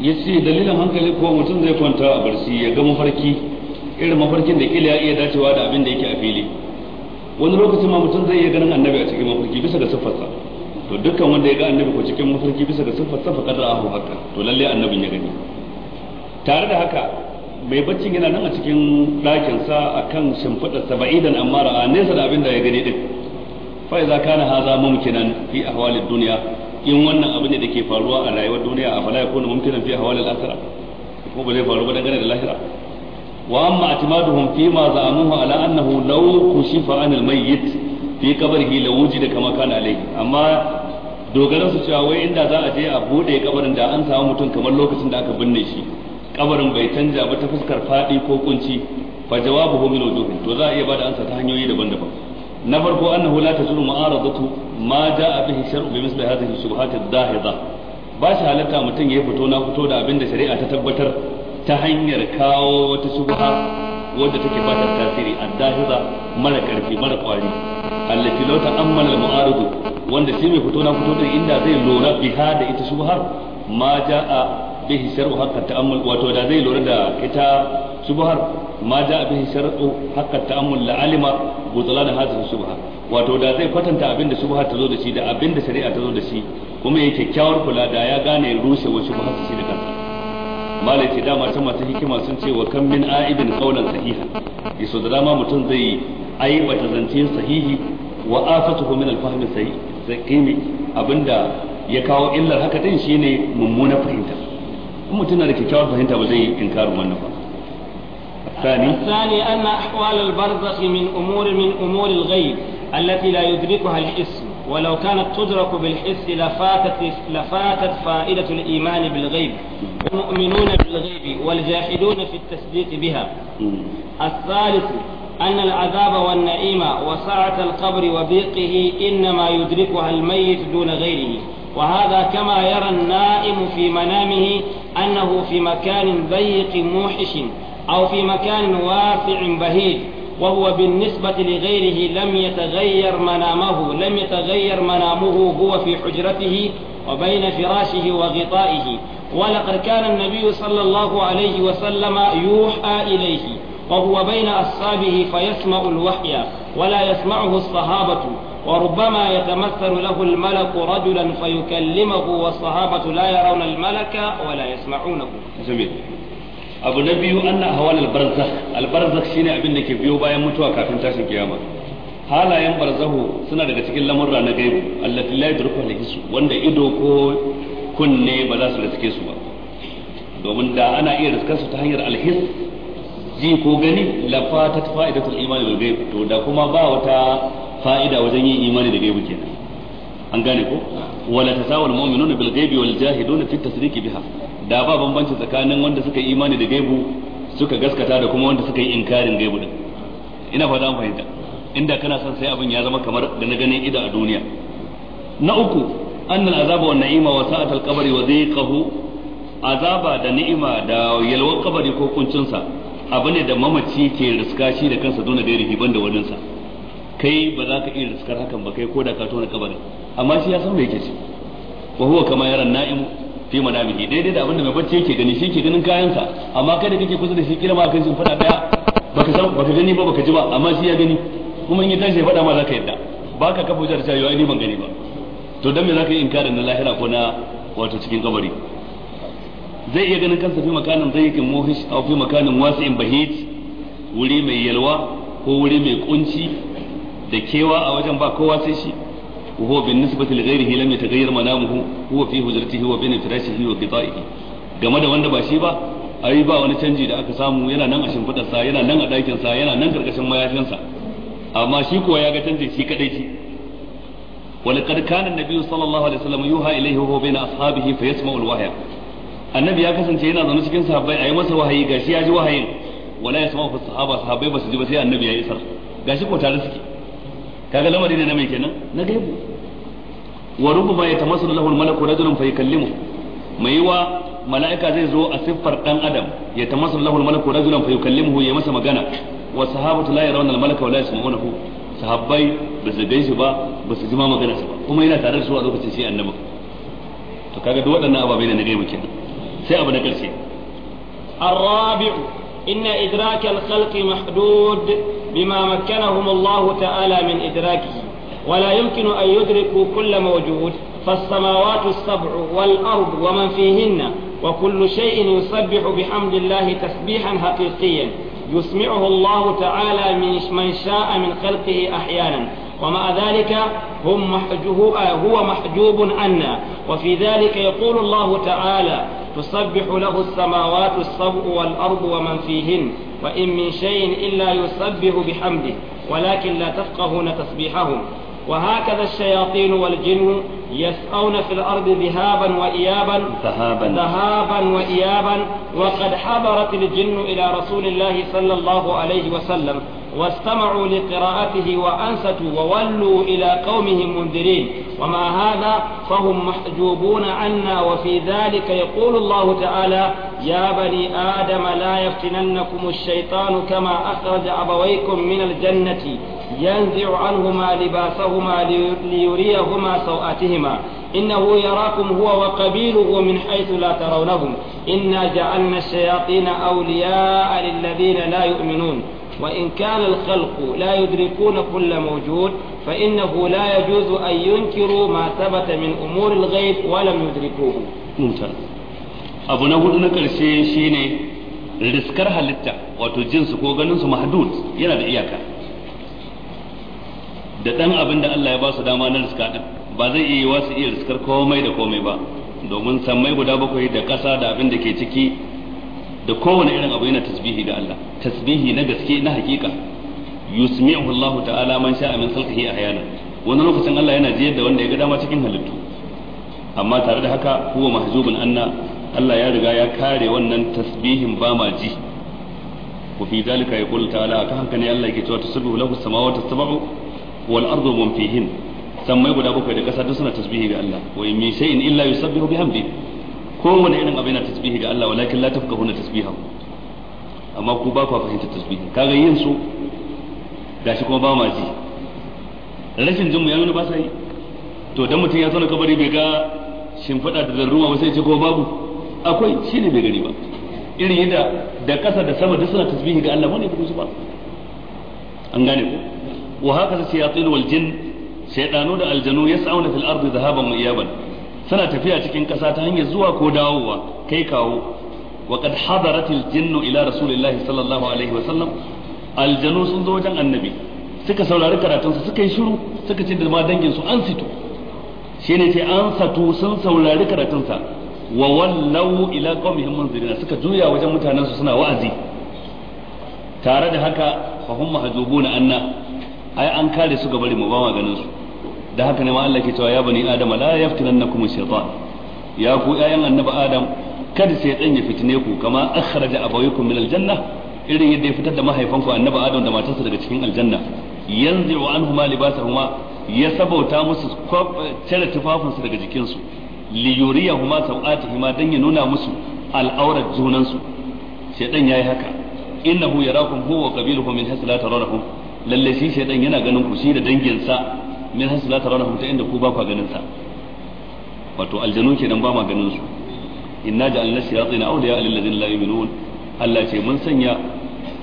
yace dalilin hankali kuwa mutum zai kwanta a barci ya ga mafarki irin mafarkin da kila ya iya dacewa da abin da yake a fili wani lokacin ma mutum zai iya ganin annabi a cikin mafarki bisa ga siffarsa to dukkan wanda ya ga annabi ko cikin mafarki bisa ga siffarsa fa kadara ahu haka to lalle annabin ya gani tare da haka mai baccin yana nan a cikin ɗakin sa akan shimfiɗar sa ba'idan amma ra'a nesa da abin da ya gani din fa iza kana haza mumkinan fi ahwalid dunya in wannan abin da ke faruwa a rayuwar duniya a fala yakunu mumkinan fi ahwalil akhirah ko ba zai faru ba dangane da lahira wa amma atimaduhum fi ma za'amuhu ala annahu law kushifa anil mayyit fi qabrihi law wujida kama kana alayhi amma dogaran su cewa wai inda za a je a bude kabarin da an samu mutum kamar lokacin da aka binne shi kabarin bai canja ba ta fuskar fadi ko kunci fa jawabuhu min wujuhin to za a iya bada ansa ta hanyoyi daban-daban na farko annahu la tazuru ma'aradatu ma ja'a bihi shar'u bi misli hadhihi shubuhat ad-dahidah ba shi halatta mutum ya fito na fito da abin da shari'a ta tabbatar ta hanyar kawo wata shubha wadda take bata tasiri a addahiza mara karfi mara kwari allati law ta'ammal al-mu'aridu wanda shi mai fito na fito din inda zai lura biha da ita shubha ma ja'a bihi shar'u hakka ta'ammal wato da zai lura da ita shubhar ma ja'a bihi shar'u hakka ta'ammal la'alima butlan hadhihi shubha wato da zai kwatanta abinda da ta zo da shi da abinda shari'a ta zo da shi kuma yake kyakkyawar kula da ya gane rushe wasu shubha shi da kansa malai ce dama ta masu hikima sun ce wa kan min a'idin qaulan sahiha yaso da dama mutum zai ai bata zance sahihi wa afatuhu min al-fahmi sahih abinda ya kawo illar haka din shine mummuna fahimta in mutum na da kyakkyawar fahimta ba zai inkarin wannan ba الثاني الثاني أن أحوال البرزخ من أمور من أمور الغيب التي لا يدركها الاسم ولو كانت تدرك بالحس لفاتت, لفاتت فائدة الإيمان بالغيب المؤمنون بالغيب والجاحدون في التصديق بها الثالث أن العذاب والنعيم وسعة القبر وضيقه إنما يدركها الميت دون غيره وهذا كما يرى النائم في منامه أنه في مكان ضيق موحش أو في مكان واسع بهيج وهو بالنسبة لغيره لم يتغير منامه لم يتغير منامه هو في حجرته وبين فراشه وغطائه ولقد كان النبي صلى الله عليه وسلم يوحى إليه وهو بين أصحابه فيسمع الوحي ولا يسمعه الصحابة وربما يتمثل له الملك رجلا فيكلمه والصحابة لا يرون الملك ولا يسمعونه جميل abu na biyu an hawa hawan albarzak shi ne abin da ke biyo bayan mutuwa kafin tashin kiyama halayen barzahu suna daga cikin lamurra na gaibu allati la yadruku al-hisu wanda ido ko kunne ba za su riske su ba domin da ana iya riskar su ta hanyar alhis ji ko gani ta fa'ida ta imani da gaibu to da kuma ba wata fa'ida wajen yin imani da gaibu kenan an gane ko wala tasawal mu'minuna bil ghaibi wal jahiduna fi tasdiqi biha da ba bambanci tsakanin wanda suka yi imani da gaibu suka gaskata da kuma wanda suka yi inkarin gaibu din ina fata an fahimta inda kana son sai abin ya zama kamar da na ganin ido a duniya na uku annal azaba wa na'ima wa sa'at al-qabri wa dhiqahu azaba da ni'ima da yalwar kabari ko sa abu ne da mamaci ke riska shi da kansa dole da rihi banda sa kai ba za ka iya riskar hakan ba kai ko da ka tona kabarin amma shi ya san me yake ci wa huwa kama yaran na'imu fi manamihi daidai da abinda mai bacci yake gani shi ke ganin kayansa amma kai da kake kusa da shi kila ma kan shi fada daya baka san baka gani ba baka ji ba amma shi ya gani kuma in ya tashi ya fada ma zaka yadda baka kafa hujjar cewa yau ni ban gani ba to dan me zaka yi inkarin na lahira ko na wato cikin kabari zai iya ganin kansa fi makanin dayyikin muhish aw fi makanin wasi'in bahit wuri mai yalwa ko wuri mai kunci da kewa a wajen ba kowa sai shi وهو بالنسبة لغيره لم يتغير منامه هو في هجرته وبين فراشه وقطائه game da wanda ba shi ba ai ba wani canji da aka samu yana nan a shimfidar sa yana nan a ɗakin sa yana nan karkashin mayafin sa amma shi kuwa ya ga canji shi kadai shi walaqad kana an sallallahu alaihi wasallam yuha ilayhi wa bayna ashabihi fa yasma'u al-wahya annabi ya kasance yana zaune cikin sahabbai ayi masa wahayi gashi ya ji wahayin wala yasma'u fi sahaba sahabbai ba su ji ba sai annabi ya isar gashi ko tare suke kaga lamari ne na mai kenan na gaibu wa rubba yatamassalu lahu al-malaku rajulun fa yukallimu mai yiwa mala'ika zai zo a siffar dan adam ya tamassalu lahu al-malaku rajulan fa yukallimuhu ya masa magana wa sahabatu la yarawna al-malaka wa la yasma'unahu sahabbai ba su gaishe ba ba su jima magana ba kuma yana tare su a lokacin shi annabi to na a kenan sai abu na ƙarshe الرابع إن إدراك الخلق محدود بما مكنهم الله تعالى من إدراكه ولا يمكن أن يدركوا كل موجود فالسماوات السبع والأرض ومن فيهن وكل شيء يسبح بحمد الله تسبيحا حقيقيا يسمعه الله تعالى من من شاء من خلقه أحيانا ومع ذلك هم محجوب هو محجوب عنا وفي ذلك يقول الله تعالى تسبح له السماوات السبع والأرض ومن فيهن وإن من شيء إلا يسبح بحمده ولكن لا تفقهون تسبيحهم وهكذا الشياطين والجن يسعون في الأرض ذهابا وإيابا ذهابا ذهابا وإيابا وقد حضرت الجن إلى رسول الله صلى الله عليه وسلم واستمعوا لقراءته وأنستوا وولوا إلى قومهم منذرين وما هذا فهم محجوبون عنا وفي ذلك يقول الله تعالى يا بني آدم لا يفتننكم الشيطان كما أخرج أبويكم من الجنة ينزع عنهما لباسهما ليريهما سوآتهما إنه يراكم هو وقبيله من حيث لا ترونهم إنا جعلنا الشياطين أولياء للذين لا يؤمنون وإن كان الخلق لا يدركون كل موجود فإنه لا يجوز أن ينكروا ما ثبت من أمور الغيب ولم يدركوه ممتاز abu na hudu na karshe shine riskar halitta wato jinsu ko ganinsu mahdud yana da iyaka da dan abin Allah ya ba dama na riska din ba zai iya wasu iya riskar komai da komai ba domin sammai guda bakwai da ƙasa da abin da ke ciki da kowane irin abu yana tasbihi ga Allah tasbihi na gaske na hakika yusmi'u Allah ta'ala man sha'a min khalqihi ahyana wani lokacin Allah yana jiyar da wanda ya ga dama cikin halittu amma tare da haka huwa mahzubun anna Allah ya riga ya kare wannan tasbihin ba ma ji wa fi zalika yaqulu ta'ala ka hanka ne Allah yake cewa tasbihu lahu samawati sab'u wal ardu man fihin sammai guda bakwai da kasa duk suna tasbihi ga Allah wa in min shay'in illa yusabbihu bihamdihi kowane irin abu yana tasbihi ga Allah walakin la tafqahuna tasbihahu amma ku ba ku fahimta tasbihi kaga yin su gashi kuma ba ma ji rashin jin mu ya nuna ba sai yi to dan mutum ya zo na kabari bai ga shimfada da zarruwa ba sai ce ko babu akwai shi ne bai gani ba irin yadda da ƙasa da sama duk suna tasbihi ga Allah wani yi su ba an gane ku wa haka sai ya tsiri wal jin shaytanu da aljanu yas'auna fil ardi dhahaban wa iyaban suna tafiya cikin ƙasa ta hanyar zuwa ko dawowa kai kawo wa qad hadaratil jinnu ila rasulillahi sallallahu alaihi wa sallam aljanu sun zo wajen annabi suka saurari karatun su suka yi shiru suka ce da ma dangin su an shi ne ce an satu sun saurari karatun sa wa wallau ila qaumihim munzirina suka juya wajen mutanen su suna wa'azi tare da haka fa hum mahjubuna anna ai an kare su ga bari mu ba ma ganin su da haka ne ma Allah ke cewa ya bani adam la yaftinannakum shaytan ya ku ƴaƴan annabi adam kada dan ya fitine ku kama akhraja abawaykum min aljanna irin yadda ya fitar da mahaifanku annabi adam da matarsa daga cikin aljanna yanzu anhuma libasahuma ya sabauta musu cire tufafinsu daga jikinsu li yuriyahuma sawatihima dan ya nuna musu al'aurar junansu shaytan yayi haka innahu yarakum huwa qabiluhu min hasla tarawahum lalle shi shaytan yana ganin ku shi da danginsa min hasu la tarawnahu ta inda ku ba ku ganin sa wato aljanu kenan ba ma ganin su inna ja'alna shayatin awliya lil ladina la yu'minun Allah ce mun sanya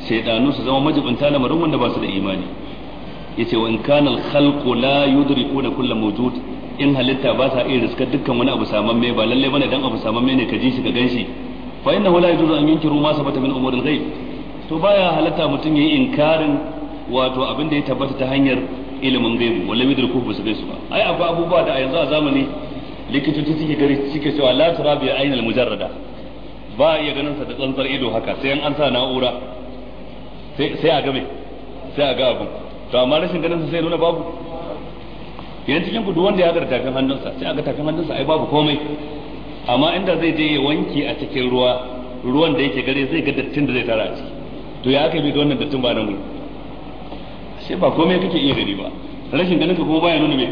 shaydanu su zama majibinta lamarin wanda ba su da imani yace wa in kana al khalqu la yudrikuna kull mawjud in halitta ba sa iya riskar dukkan wani abu saman samamme ba lalle bane dan abu saman samamme ne ka ji shi ka ganshi fa innahu la yajuzu an yunkiru ma sabata min umuril ghaib to baya halatta mutum yayi inkarin wato abin da ya tabbata ta hanyar ilimin gaibu wala midul ba su gaisu ba ai akwai abubuwa da a yanzu a zamani likitoci suke gari suke cewa la tura bi ainal mujarrada ba a iya ganin sa da tsantsar ido haka sai an sa na'ura sai a mai sai a ga abu to amma rashin ganin sa sai nuna babu yan cikin ku duk wanda ya ga tafin hannunsa sai a ga tafin hannunsa ai babu komai amma inda zai je ya wanki a cikin ruwa ruwan da yake gare zai ga dattin da zai tara a ciki to ya aka bi da wannan dattin ba nan gudu shi ba komai kake iya gani ba rashin ganin ka kuma baya nuna me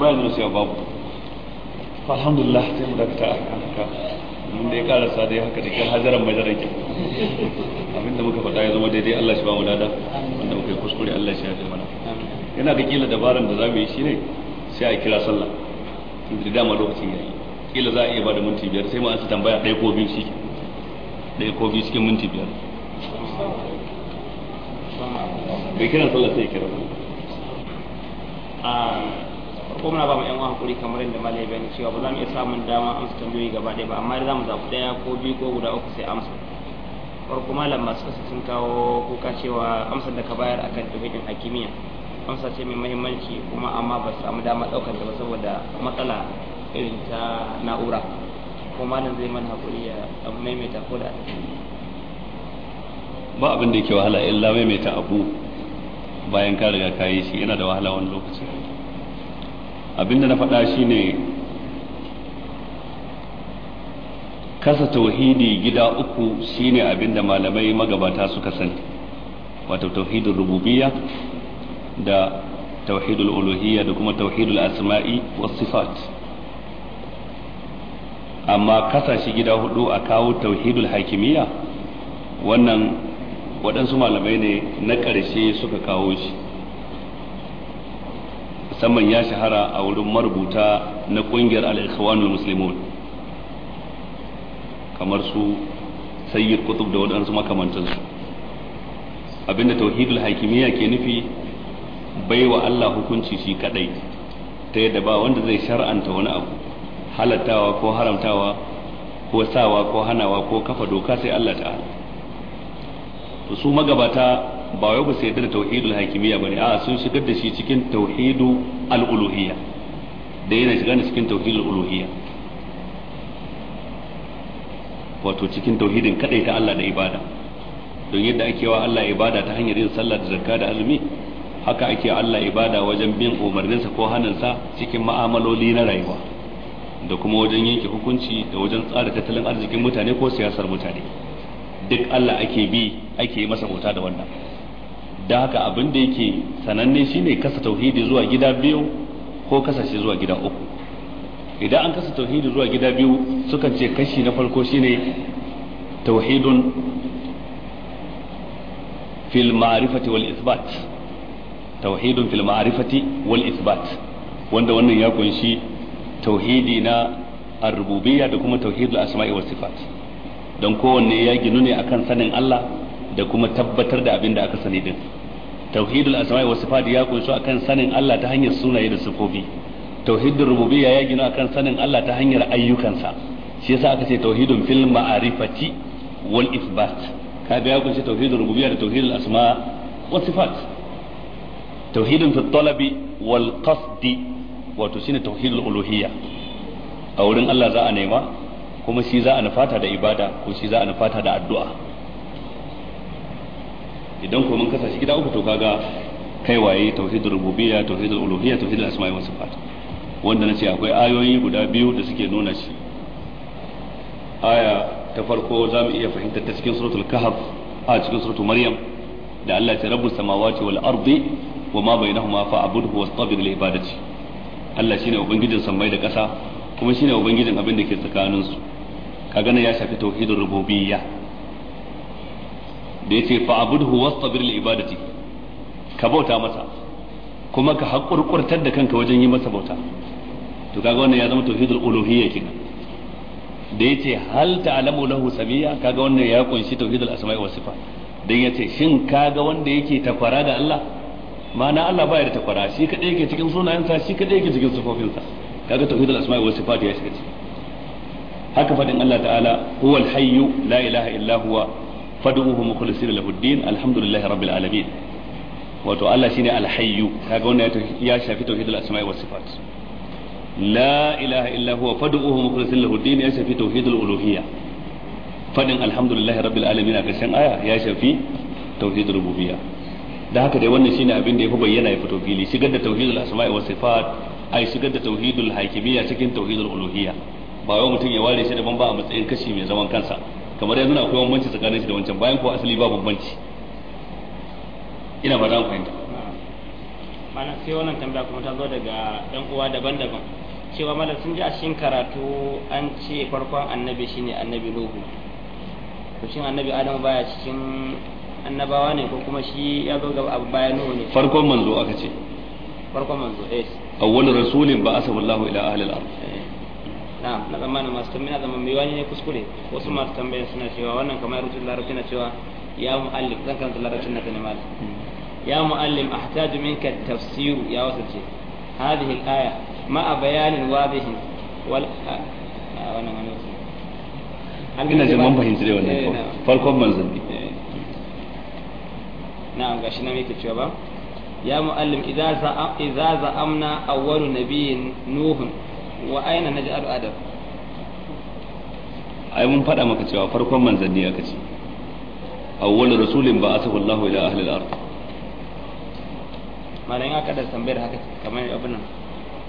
baya nuna sai babu alhamdulillah sai mu dakata haka mun dai karasa dai haka da kan hajaran majaran ki abinda muka faɗa ya zama daidai Allah shi ba mu lada wanda muka yi kuskure Allah shi ya ji mana yana da kila dabaran da za mu yi shine sai a kira sallah da dama lokacin yayi kila za a iya ba da minti biyar sai ma an tambaya ɗaya ko biyu shi ɗaya ko biyu cikin minti biyar bai kiran ah, ko muna ba mu yan hakuri kamar yadda malai bayani cewa ba za mu iya samun dama amsa tambayoyi gaba ɗaya ba amma za mu zaɓi ɗaya ko biyu ko guda uku sai amsa farko malam masu kasa sun kawo kuka cewa amsar da ka bayar akan tauhidin hakimiyya amsa ce mai muhimmanci kuma amma ba su samu dama ɗaukar ta ba saboda matsala irin ta na'ura kuma malam zai mana hakuri ya maimaita ko da a ba abin da yake wahala illa mai abu bayan ka riga ka yi shi yana da wahala wani lokaci Abin da na faɗa shi ne kasa tauhidi gida uku shine da malamai magabata suka sani wato tauhidul rububiyya da tauhidul uluhiyya da kuma tauhidul asma'i was sifat amma kasa shi gida hudu a kawo tauhidul hakimiyya wannan waɗansu malamai ne na ƙarshe suka kawo shi musamman ya shahara a wurin marubuta na ƙungiyar al'ikhwanul muslimun kamar su sayyid kutub da waɗansu makamantansu abinda tauhidul hakimiyya ke nufi bai wa Allah hukunci shi kadai ta yadda ba wanda zai shar'anta wani abu halattawa ko haramtawa ko sawa ko hanawa ko kafa doka sai Allah ta'ala to su magabata ba wai ba su yarda da tauhidul hakimiyya bane a sun shigar da shi cikin tauhidu al-uluhiyya da yana shiga da cikin tauhidul uluhiyya wato cikin tauhidin kadai ta Allah da ibada don yadda ake wa Allah ibada ta hanyar yin sallah da zakka da azumi haka ake Allah ibada wajen bin umarninsa ko hannunsa cikin ma'amaloli na rayuwa da kuma wajen yanke hukunci da wajen tsara tattalin arzikin mutane ko siyasar mutane duk Allah ake bi ake masa bauta da wannan da haka abin da yake sananne shine kasa tauhidi zuwa gida biyu ko kasa shi zuwa gida uku idan an kasa tauhidi zuwa gida biyu sukan ce kashi na farko shine tauhidun fil ma'rifati wal isbat tauhidun fil ma'rifati wal isbat wanda wannan ya kunshi tauhidi na ar da kuma tauhidul asma'i was sifat don kowanne ya ginu ne akan sanin Allah da kuma tabbatar da abin da aka sani din tauhidul asma'i wa sifat ya kunshi akan sanin Allah ta hanyar sunaye da sifofi tauhidur rububiyya ya ginu akan sanin Allah ta hanyar ayyukansa shi yasa aka ce tauhidun fil ma'arifati wal ka da ya kunshi tauhidur rububiyya da tauhidul asma' wa sifat tauhidun fi talabi wal qasdi wato shine tauhidul uluhiyya a wurin Allah za a nema kuma shi za a nufata da ibada ko shi za a nufata da addu'a idan kuma mun kasashe gida uku to kaga kai waye tauhidul rububiyya tauhidul uluhiyya tauhidul asma'i wa sifat wanda nace akwai ayoyi guda biyu da suke nuna shi aya ta farko za mu iya fahimtar ta cikin suratul kahf a cikin suratul maryam da Allah ya rabbu rabbus samawati wal ardi wa ma bainahuma fa'budhu wastabir li ibadati Allah shine ubangijin samai da ƙasa kuma shine ubangijin abin da ke tsakaninsu kaga ne ya shafi tauhidin rububiyya da yace fa abudhu wastabir li ibadati ka bauta masa kuma ka haƙurƙurtar da kanka wajen yi masa bauta to kaga wannan ya zama tauhidul uluhiyya kenan da yace hal ta'lamu lahu samiya kaga wannan ya kunshi tauhidul asma'i was sifat dan yace shin kaga wanda yake tafara da Allah ma'ana Allah baya da tafara shi kadai yake cikin sunayensa shi kadai yake cikin sifofinsa kaga tauhidul asma'i was sifat ya shiga cikin haka fadin Allah ta'ala huwal hayyu la ilaha illa huwa fad'uhu mukhlisina lahu ddin alhamdulillahi rabbil alamin wato Allah shine alhayyu kaga wannan ya shafi tauhidul asma'i was sifat la ilaha illa huwa fad'uhu mukhlisina lahu ddin ya shafi tauhidul uluhiyya fadin alhamdulillahi rabbil alamin a karshen aya ya shafi tauhidul rububiyya da haka dai wannan shine abin da ya fi bayyana ya fito fili shigar da tauhidul asma'i was sifat ai shigar da tauhidul hakimiyya cikin tauhidul uluhiyya ba wai mutum ya ware shi daban ba a matsayin kashi mai zaman kansa kamar yanzu na akwai bambanci tsakanin shi da wancan bayan ko asali ba bambanci ina ba zan fahimta mana sai wannan tambaya kuma ta zo daga yan uwa daban-daban cewa malam sun ji a cikin karatu an ce farkon annabi shine annabi nuhu to shin annabi adamu baya cikin annabawa ne ko kuma shi ya zo gaba abu bayan nuhu ne farkon manzo aka ce farkon manzo eh awwal rasulin ba Allahu ila ahli al-ard eh. na na zamanin masu tambaya zaman mai wani ne kuskure wasu masu tambaya suna cewa wannan kamar rutun larabci na cewa ya mu'allim zan karanta larabcin na kalmar ya mu'allim ahtaju minka tafsiru ya ce hadhihi al-aya a bayanin wadihin wal wannan wani ina jin mun fahimci dai wannan eh, farkon manzanni eh. na'am gashi na muke cewa ba ya mu'allim idza za'amna awwalu nabiyyin nuhun wa aina al adab ai mun faɗa maka cewa farkon manzanni aka ce awwal rasulin ba asahu Allahu ila ahli al-ard malamin aka da tambayar haka kamar abin nan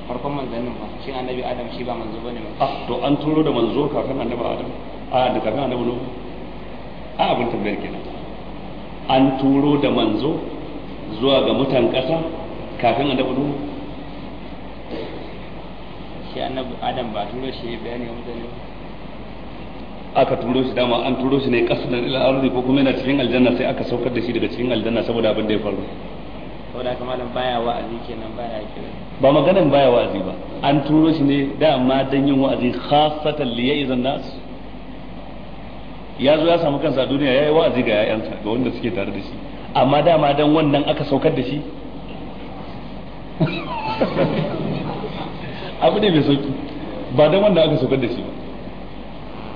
farkon manzannin ba shi annabi adam shi ba manzo bane ba ah, to an turo da manzo kafin annabi adam a ah, da kafin annabi nuhu a ah, abin tambayar kenan an turo da manzo zuwa ga mutan ƙasa kafin annabi nuhu shi annabi adam ba turo shi bayani wa mutane aka turo shi dama an turo shi ne kasdan ila ardi ko kuma yana cikin aljanna sai aka saukar da shi daga cikin aljanna saboda abin da ya faru saboda haka malam baya wa'azi kenan baya kira ba maganan baya wa'azi ba an turo shi ne da amma dan yin wa'azi khassatan li ya'izan nas ya zo ya samu kansa a duniya yi wa'azi ga yayansa ga wanda suke tare da shi amma dama dan wannan aka saukar da shi [LAUGHS] abu ne mai sauki ba dan wanda aka saukar da shi ba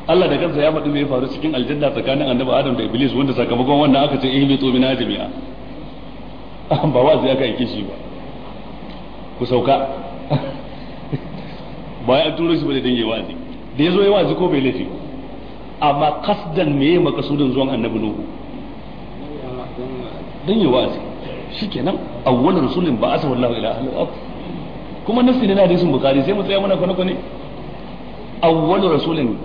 Allah da kansa ya faɗi me ya faru cikin aljanna tsakanin annabi Adam da Iblis wanda sakamakon wannan aka ce ihbitu min jami'a [LAUGHS] ba wa zai aka aike shi ba ku sauka [LAUGHS] ba ya turo shi ba da dange wa'azi da ya zo ya wa'azi ko bai laifi amma kasdan me ya makasudin zuwan annabi Nuhu dan ya wa'azi shikenan awwalar rasulin ba asa wallahu ila ahli al kuma nafsi ne na hadisin bukari sai mu tsaya muna kwana kwane awwalu rasulin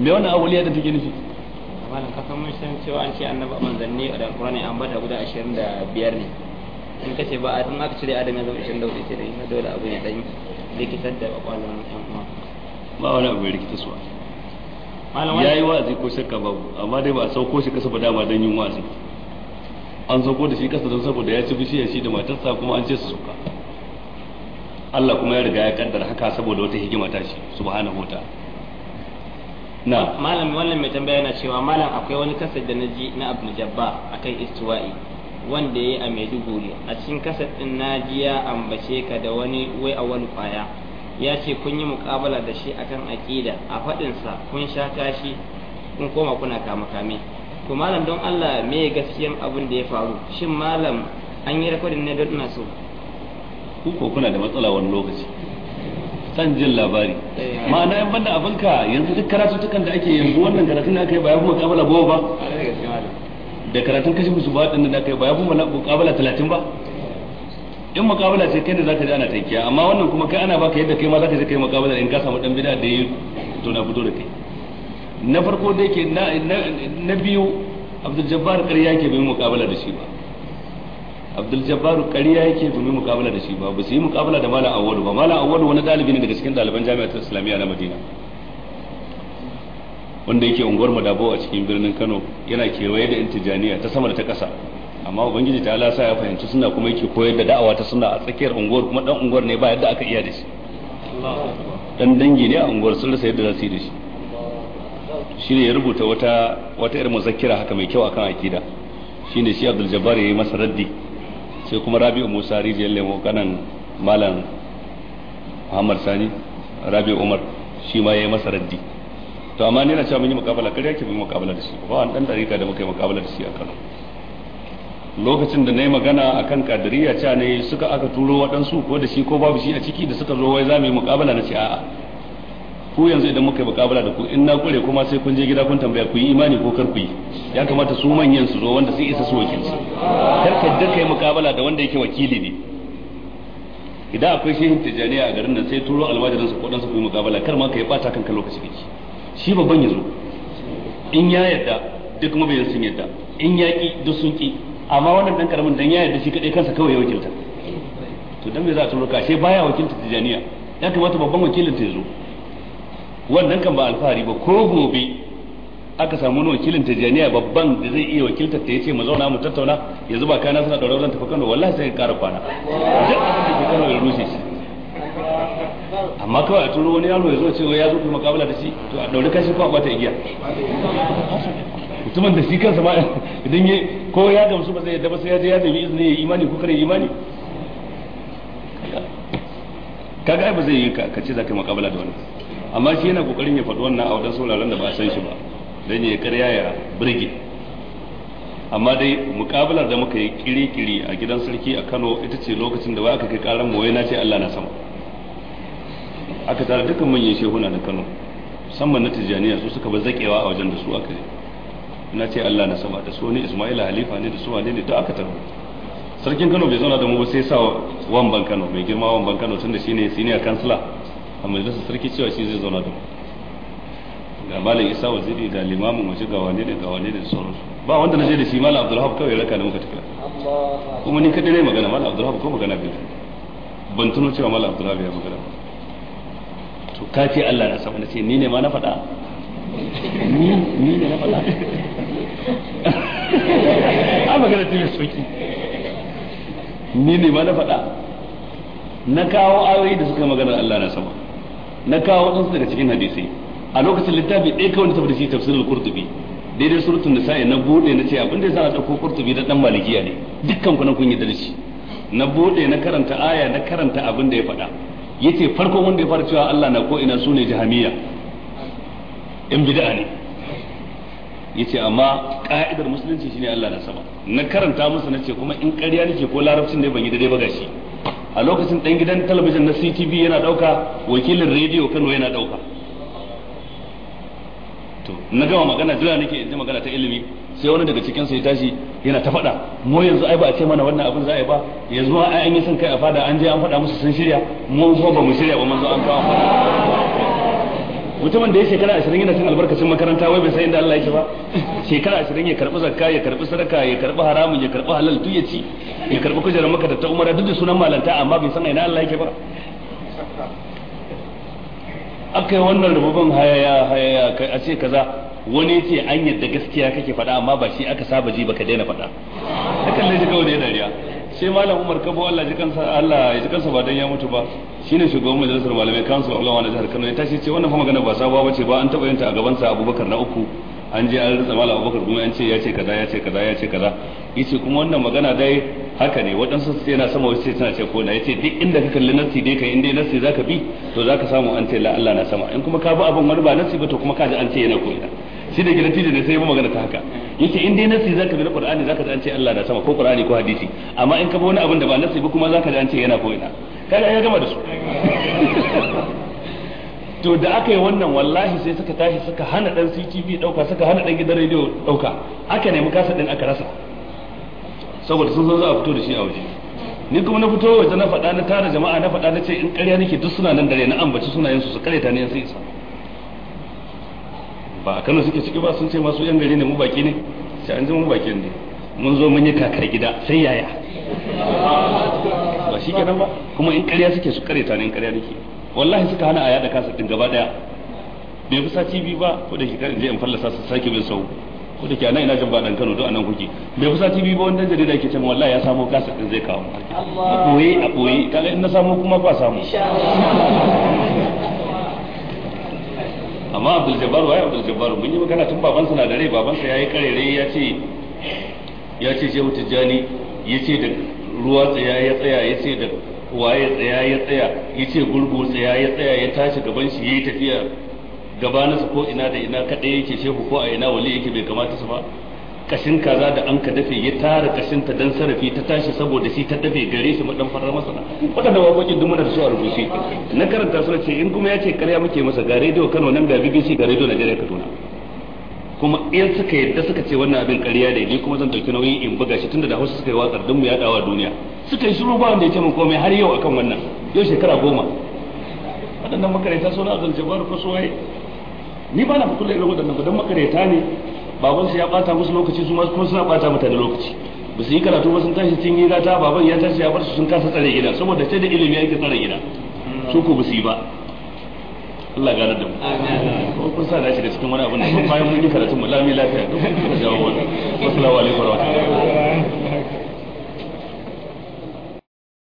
me wannan awwaliya da take nufi malam ka san mun san cewa an ce annabi manzanni da alqur'ani an bada guda 25 ne in kace ba in aka cire adam ya zama 24 sai dai dole abu ne dan rikitar da kwakwalwar yan uwa ba wani abu ya rikita su ya yi wa'azi ko shakka babu amma dai ba a sauko shi kasa ba dama don yin wa'azi an sauko da shi kasa don saboda ya ci bishiya shi da matarsa kuma an ce su suka Allah kuma ya riga ya kaddara haka saboda wata hikima ta shi subhanahu wa na malam wannan mai tambaya yana cewa malam akwai wani kasar da naji na Abduljabba akan istiwa'i wanda ya yi a Maiduguri a cikin kasar din naji ya ambace ka da wani wai a wani kwaya ya ce kun yi mukabala da shi akan aqida a faɗinsa kun sha kashi kun koma kuna kama kame to malam don Allah me gaskiyan abin da ya faru shin malam an yi rekodin ne don ina so ku ko kuna da matsala wani lokaci san jin labari ma'ana yan banda ka yanzu duk karatutukan da ake yanzu wannan karatun da aka yi ba ya kabala mukabala goma ba da karatun kashi musu ba din da aka yi ba ya fi mukabala talatin ba in mukabala ce kai ne za ka ji ana taikiya amma wannan kuma kai ana baka yadda kai ma ka je kai mukabala in ka samu dan bid'a da yi to na fito da kai na farko da yake na biyu Abdul Jabbar kariya ke bai mukabala da shi ba abdul jabbaru ƙarya yake domin mukabala da shi ba ba su yi mukabala da malam awwalu ba malam awwalu wani dalibi ne daga cikin ɗaliban jami'ar islamiyya na madina wanda yake unguwar madabo a cikin birnin kano yana kewaye da intijaniya ta sama da ta ƙasa amma ubangiji ta alasa ya fahimci suna kuma yake koyar da da'awa ta suna a tsakiyar unguwar kuma dan unguwar ne ba yadda aka iya da shi dan dangi ne a unguwar sun rasa yadda za su yi da shi shi ne ya rubuta wata wata irin muzakkira haka mai kyau akan akida shine shi Abdul Jabbar yi masa raddi sai kuma rabi'u musa rijiyar lemo kanan malam muhammad sani rabi'u umar shi ma ya yi masa raddi to amma ni na cewa mun yi mukabala kare yake mun yi mukabala da shi ba wani dan dariƙa da muka yi mukabala da shi a Kano lokacin da na yi magana a kan kadiriya cewa ne suka aka turo waɗansu ko da shi ko babu shi a ciki da suka zo wai za mu yi mukabala na ce a'a ku yanzu idan muka yi mukabala da ku in na kure kuma sai kun je gida kun tambaya ku yi imani ko kar ku yi ya kamata su manyan su zo wanda sai isa su su. kar ka yadda kai mukabala da wanda yake wakili ne idan akwai shehin tijaniya a garin nan sai turo su ko dan su yi mukabala kar ma ka yi bata kanka lokaci kake shi babban yazo in ya yadda duk mabiyan sun yadda in ya ki duk sun ki amma wannan dan karamin dan ya yadda shi kadai kansa kawai ya wakilta to dan me za a turo ka sai baya wakilta tijaniya ya kamata babban wakilin ta yazo wannan kan ba alfahari ba ko gobe aka samu wani wakilin tajaniya babban da zai iya wakiltar ta yace mu zauna mu tattauna yanzu ba kana suna daura zan tafi Kano wallahi sai ka ƙara kwana duk abin da ke Kano ya rushe shi amma kawai a turo wani yaro ya zo cewa ya zo kuma kabila da shi to a daure kashi ko a bata igiya mutumin da shi kansa ma idan ya ko ya gamsu ba zai yadda ba sai ya je ya nemi izini ya imani ko kare imani kaga ai ba zai yi ka ce za ka yi makabala da wani amma shi yana kokarin ya faɗi wannan a wadan sauraron da ba san shi ba dan ya karya ya burge amma dai mukabalar da muka yi kiri-kiri a gidan sarki a Kano ita ce lokacin da ba aka kai karan mu na ce Allah na sama aka tara dukkan manyan shehuna na Kano musamman na Tijjaniya su suka ba zakewa a wajen da su aka yi na ce Allah na sama da su wani Ismaila Halifa ne da su wane ne da aka taro sarkin Kano bai zauna da mu ba sai sa wamban Kano mai girma wamban Kano tunda shine senior kansila a majalisar sarki cewa shi zai zauna da mu ga malam isa waziri ga limamin waje ga wane ne ga wane ne sauransu ba wanda na je da shi malam abdulhab kawai raka da muka tafiya kuma ni kadai ne magana malam abdulhab ko magana bai ban tuno cewa malam abdulhab ya magana to ka ce Allah na saba na ce ni ne ma na faɗa ni ni ne na faɗa a [LAUGHS] magana ce mai soki ni ne ma na faɗa na kawo ayoyi da suka magana Allah na sama na kawo waɗansu daga cikin hadisai a lokacin littafi ɗaya kawai saboda shi tafsirin qurtubi daidai da nisa'i na bude na ce abin da ya sa dauko qurtubi da dan malikiya ne dukkan ku kun yi da shi na bude na karanta aya na karanta abin da ya faɗa yace farkon wanda ya fara cewa Allah na ko ina sune jahamiya in bid'a ne yace amma ka'idar musulunci shine Allah na sama na karanta musu nace kuma in ƙarya nake ko larabcin da ban yi daidai ba gashi a lokacin ɗan gidan talabijin na CTV yana ɗauka, wakilin rediyo Kano yana ɗauka. to na gama magana jira nake in magana ta ilimi sai wani daga cikin su ya tashi yana ta faɗa mu yanzu ai ba a ce mana wannan abin za a yi ba yanzu ai an yi son kai a fada an je an faɗa musu sun shirya mu kuma ba mu shirya ba manzo an kawo mutumin da ya shekara ashirin yana cin albarkacin makaranta wai bai san inda Allah yake ba shekara ashirin ya karbi zakka ya karbi sadaka ya karbi haramun ya karbi halal tu ya ci ya karbi kujerar maka da ta umara duk da sunan malanta amma bai san ina Allah yake ba akai wannan rububin hayaya hayaya a ce kaza wani ce an yadda gaskiya kake faɗa amma ba shi aka saba ji baka daina faɗa akan ne kawai da ya dariya sai malam Umar Kabo Allah ji kansa Allah ya ji kansa ba dan ya mutu ba shine shugaban majalisar malamai kansu ulama na jihar Kano ya tashi ce wannan fa magana ba sabuwa bace ba an taba yin ta a gaban sa Abubakar na uku an je an rutsa malam Abubakar kuma an ce ya ce kaza ya ce kaza ya ce kaza yace kuma wannan magana dai haka ne waɗansu su yana sama wasu tana ce ko na yace duk inda ka kalli nasi dai kai inda nasi zaka bi to zaka samu an ce la Allah na sama in kuma ka bi abin wani ba nasi ba to kuma ka ji an ce yana koyi shi da gidan tijin ne sai ya magana ta haka yace in dai nasi zaka bi na qur'ani zaka ji an ce Allah na sama ko qur'ani ko hadisi amma in ka bi wani abin da ba nasi ba kuma zaka ji an ce yana ko ina kaga ya gama da su [LAUGHS] to da aka yi wannan wallahi sai suka tashi suka hana dan CTV dauka suka hana dan gidan rediyo dauka aka nemi kasa din aka rasa saboda sun zo za a fito da shi a waje ni kuma na fito waje na faɗa na tara jama'a na faɗa na ce in ƙarya nake duk suna nan dare na ambaci sunayen su su ta ne sai isa ba a Kano suke ciki ba sun ce masu yan gari ne mu baki ne sai an zama mu baki ne mun zo mun yi kakar gida sai yaya ba shi kenan ba kuma in ƙarya suke su ta ne in ƙarya nake wallahi suka hana a yada kasa din gaba daya bai fi sati biyu ba ko da shekara in je in fallasa su sake bin sau ko da ke anan ina jin ba dan Kano don anan kuke bai kusa TV ba wanda jarida yake cewa wallahi ya samu kasa din zai kawo a boye a boye kaga in na samu kuma ba samu amma abdul jabbar waye abdul jabbar mun yi magana tun babansa na da rai babansa yayi karere ya ce ya ce tijjani ya ce da ruwa tsaya ya tsaya ya ce da waye tsaya ya tsaya ya ce gurgu tsaya ya tsaya ya tashi gaban shi yayi tafiya gabaninsa ko ina da ina kaɗai yake shehu ko a ina wali yake bai kamata su ba kashin kaza da an ka dafe ya tara kashin ta dan sarafi ta tashi saboda shi ta dafe gare shi madan farar masa wadannan wakokin duk muna da su a rubuce na karanta su ce in kuma ya ce karya muke masa ga rediyo Kano nan ga BBC ga rediyo Najeriya Kaduna kuma in suka yadda suka ce wannan abin ƙarya ne ni kuma zan dauki nauyi in buga shi tunda da Hausa suka yi watsar dan mu ya dawa duniya suka yi shiru ba wanda ya ce mun komai har yau akan wannan yau shekara goma Wadannan makaranta suna zance ba ko suwaye ni ba na fitar da irin wadannan ba dan makaranta ne baban su ya bata musu lokaci su kuma suna bata mutane lokaci ba su yi karatu ba sun tashi cikin gida ta baban ya tashi ya bar su sun kasa tsare gida saboda sai da ilimi yake tsare gida su ko ba su yi ba Allah gane da mu ko kun sa da shi da cikin wani abin da bayan mun yi karatun mu lami lafiya duk kun jawo wannan assalamu alaikum wa rahmatullahi